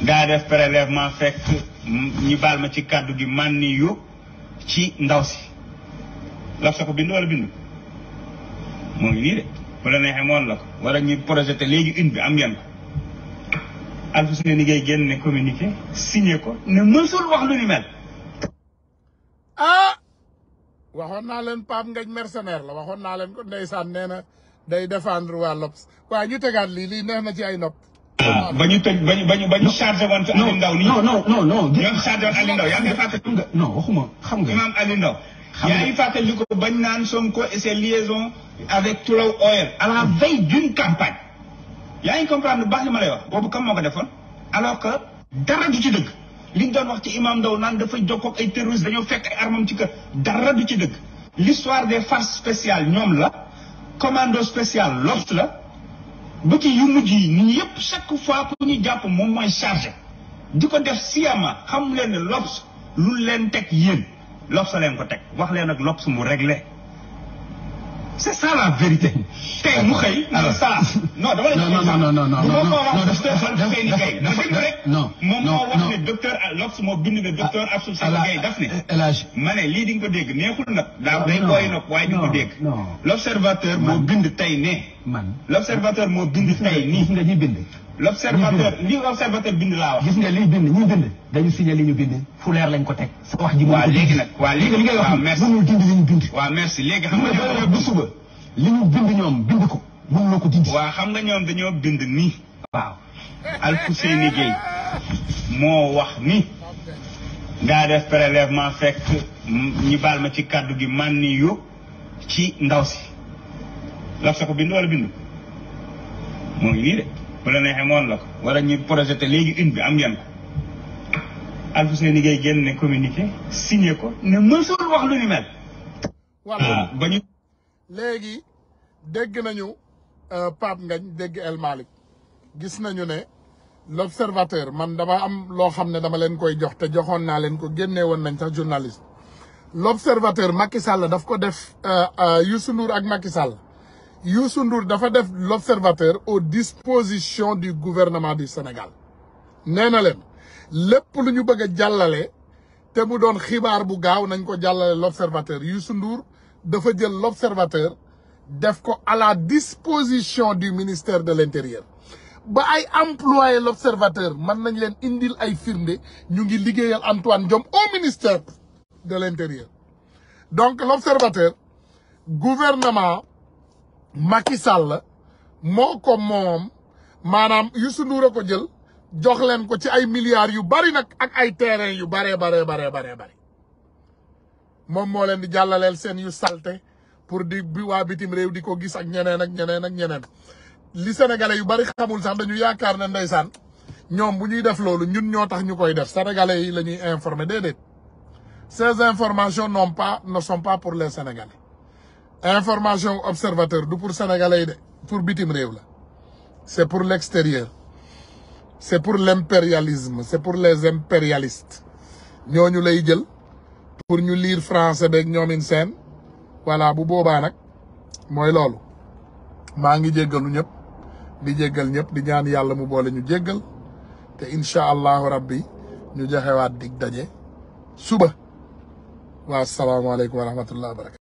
daa def prélèvement fekk ñu baal ma ci kàddu gi man ni yu ci ndaw si. la sa ko bind wala bind moo ngi nii de. bu la moon la ko ñu ñuy projeté léegi une bi am ngeen ko Alfousseyni Liggéey génne communiqué signé ko ne mësul wax lu ni mel. ah waxoon naa leen Pape Ngagne mercenaire la waxoon naa leen ko saan nee na day défendre waa Lobs waaye ñu tegaat lii lii neex na ci ay nopp. Ah, ba ñu tëj ba ñu ba ñu ba ñu chargé woon Aliou Ndao nii. non non non waxuma xam nga. imam Aliou yaa ngi fàttali ko bañ naan Sonko et ses liaisons avec Tullow Oil à la veille d'une campagne yaa ngi comprendre baax li ma lay wax boobu kam moo ko defoon alors que dara du ci dëgg li doon wax ci imam Ndao naan dafa jokkoo ak ay terroristes dañoo fekk ay armam ci kër dara du ci dëgg l'histoire de forces spéciales ñoom la commando spécial loft la ba ci yu mujj yi ñun yëpp chaque fois ku ñu jàpp moom mooy chargé di ko def siyama xam leen ne lops lu leen teg yéen lobsaleen ko teg wax leen ak lobs mu réglé c'est ça la vérité. tey mu xëy. alors ça non dama non non non non non non non docteur Abdoul Seyni Gaye dafa dégg rek. non moom moo ne docteur Lobs moo bind ne docteur Abdoul ah, Seyni Gaye daf ne. ma ne di nga ko dégg neexul nag. daaw day ah, booy nag waaye di nga ko moo bind tey ne. man l' observateur moo bind tey nii nga ñuy bind l' observateur li l' observateur bind laa wax gis nga liy bind ñuy bind dañu signé li ñu bind fu lañ ko teg sa wax ji waaw léegi nag waaw léegi li ngay wax merci mënul dindi li ñu bind waaw merci bind ko mën loo ko dindi waa xam nga ñoom dañoo bind nii waaw Alfousseyni liggéey moo wax ni daa def prélèvement fekk ñu baal ma ci kàddu gi man ni yu ci ndaw si ndax sa ko bind wala bindu moo ngi nii de bu la moon la wala ñu projeté léegi in bi am yan ko Alfousseyni Gaye génne communiqué signé ko ne mësul wax lu ni mel. voilà ah, ba léegi dégg nañu euh, Pape Ngagne dégg El Malick gis nañu ne l' observateur man dama am loo xam ne dama leen koy jox te joxoon naa leen ko génne woon nañ sax journaliste l' observateur Macky Sall daf ko def euh, euh, Youssou Ndour ak Macky Sall. Youssou Ndour dafa def l'observateur aux dispositions du gouvernement du Sénégal nee na leen lépp lu ñu bëgg a jàllale te mu doon xibaar bu gaaw nañ ko jàllale l'observateur Youssou nduur dafa jël l'observateur def ko à la disposition du ministère de l'intérieur ba ay employé l'observateur man nañ leen indil ay firnde ñu ngi liggéeyal Antoine Diome au ministère de l'intérieur donc l'observateur gouvernement Macky Sall moo ko moom maanaam Youssou Ndour a ko jël jox leen ko ci ay milliards yu bari nag ak ay terrain yu baree baree baree baree bari moom moo leen di jàllaleel seen yu salte pour di bi waa bitim réew di ko gis ak ñeneen ak ñeneen ak ñeneen li sénégalais yu bari xamul sax dañu yaakaar ne ndeysaan ñoom bu ñuy def loolu ñun ñoo tax ñu koy def sénégalais yi la ñuy informer déedéet ces informations n'ont pas ne sont pas pour le sénégalais information observateur du pour sénégalais de pour bitim réew la c'est pour l'extérieur c'est pour l'impérialisme c'est pour les impérialistes ñooñu lay jël pour ñu liir français beeg ñoomin seen voilà bu boobaa nag mooy loolu maa ngi jéggalu ñëpp di jéggal ñëpp di ñaan yàlla mu boole ñu jéggal te incha allahu rabbi ñu joxewaat dig daje suba waa salaamaaleykum wa rahmatullah wa barakatu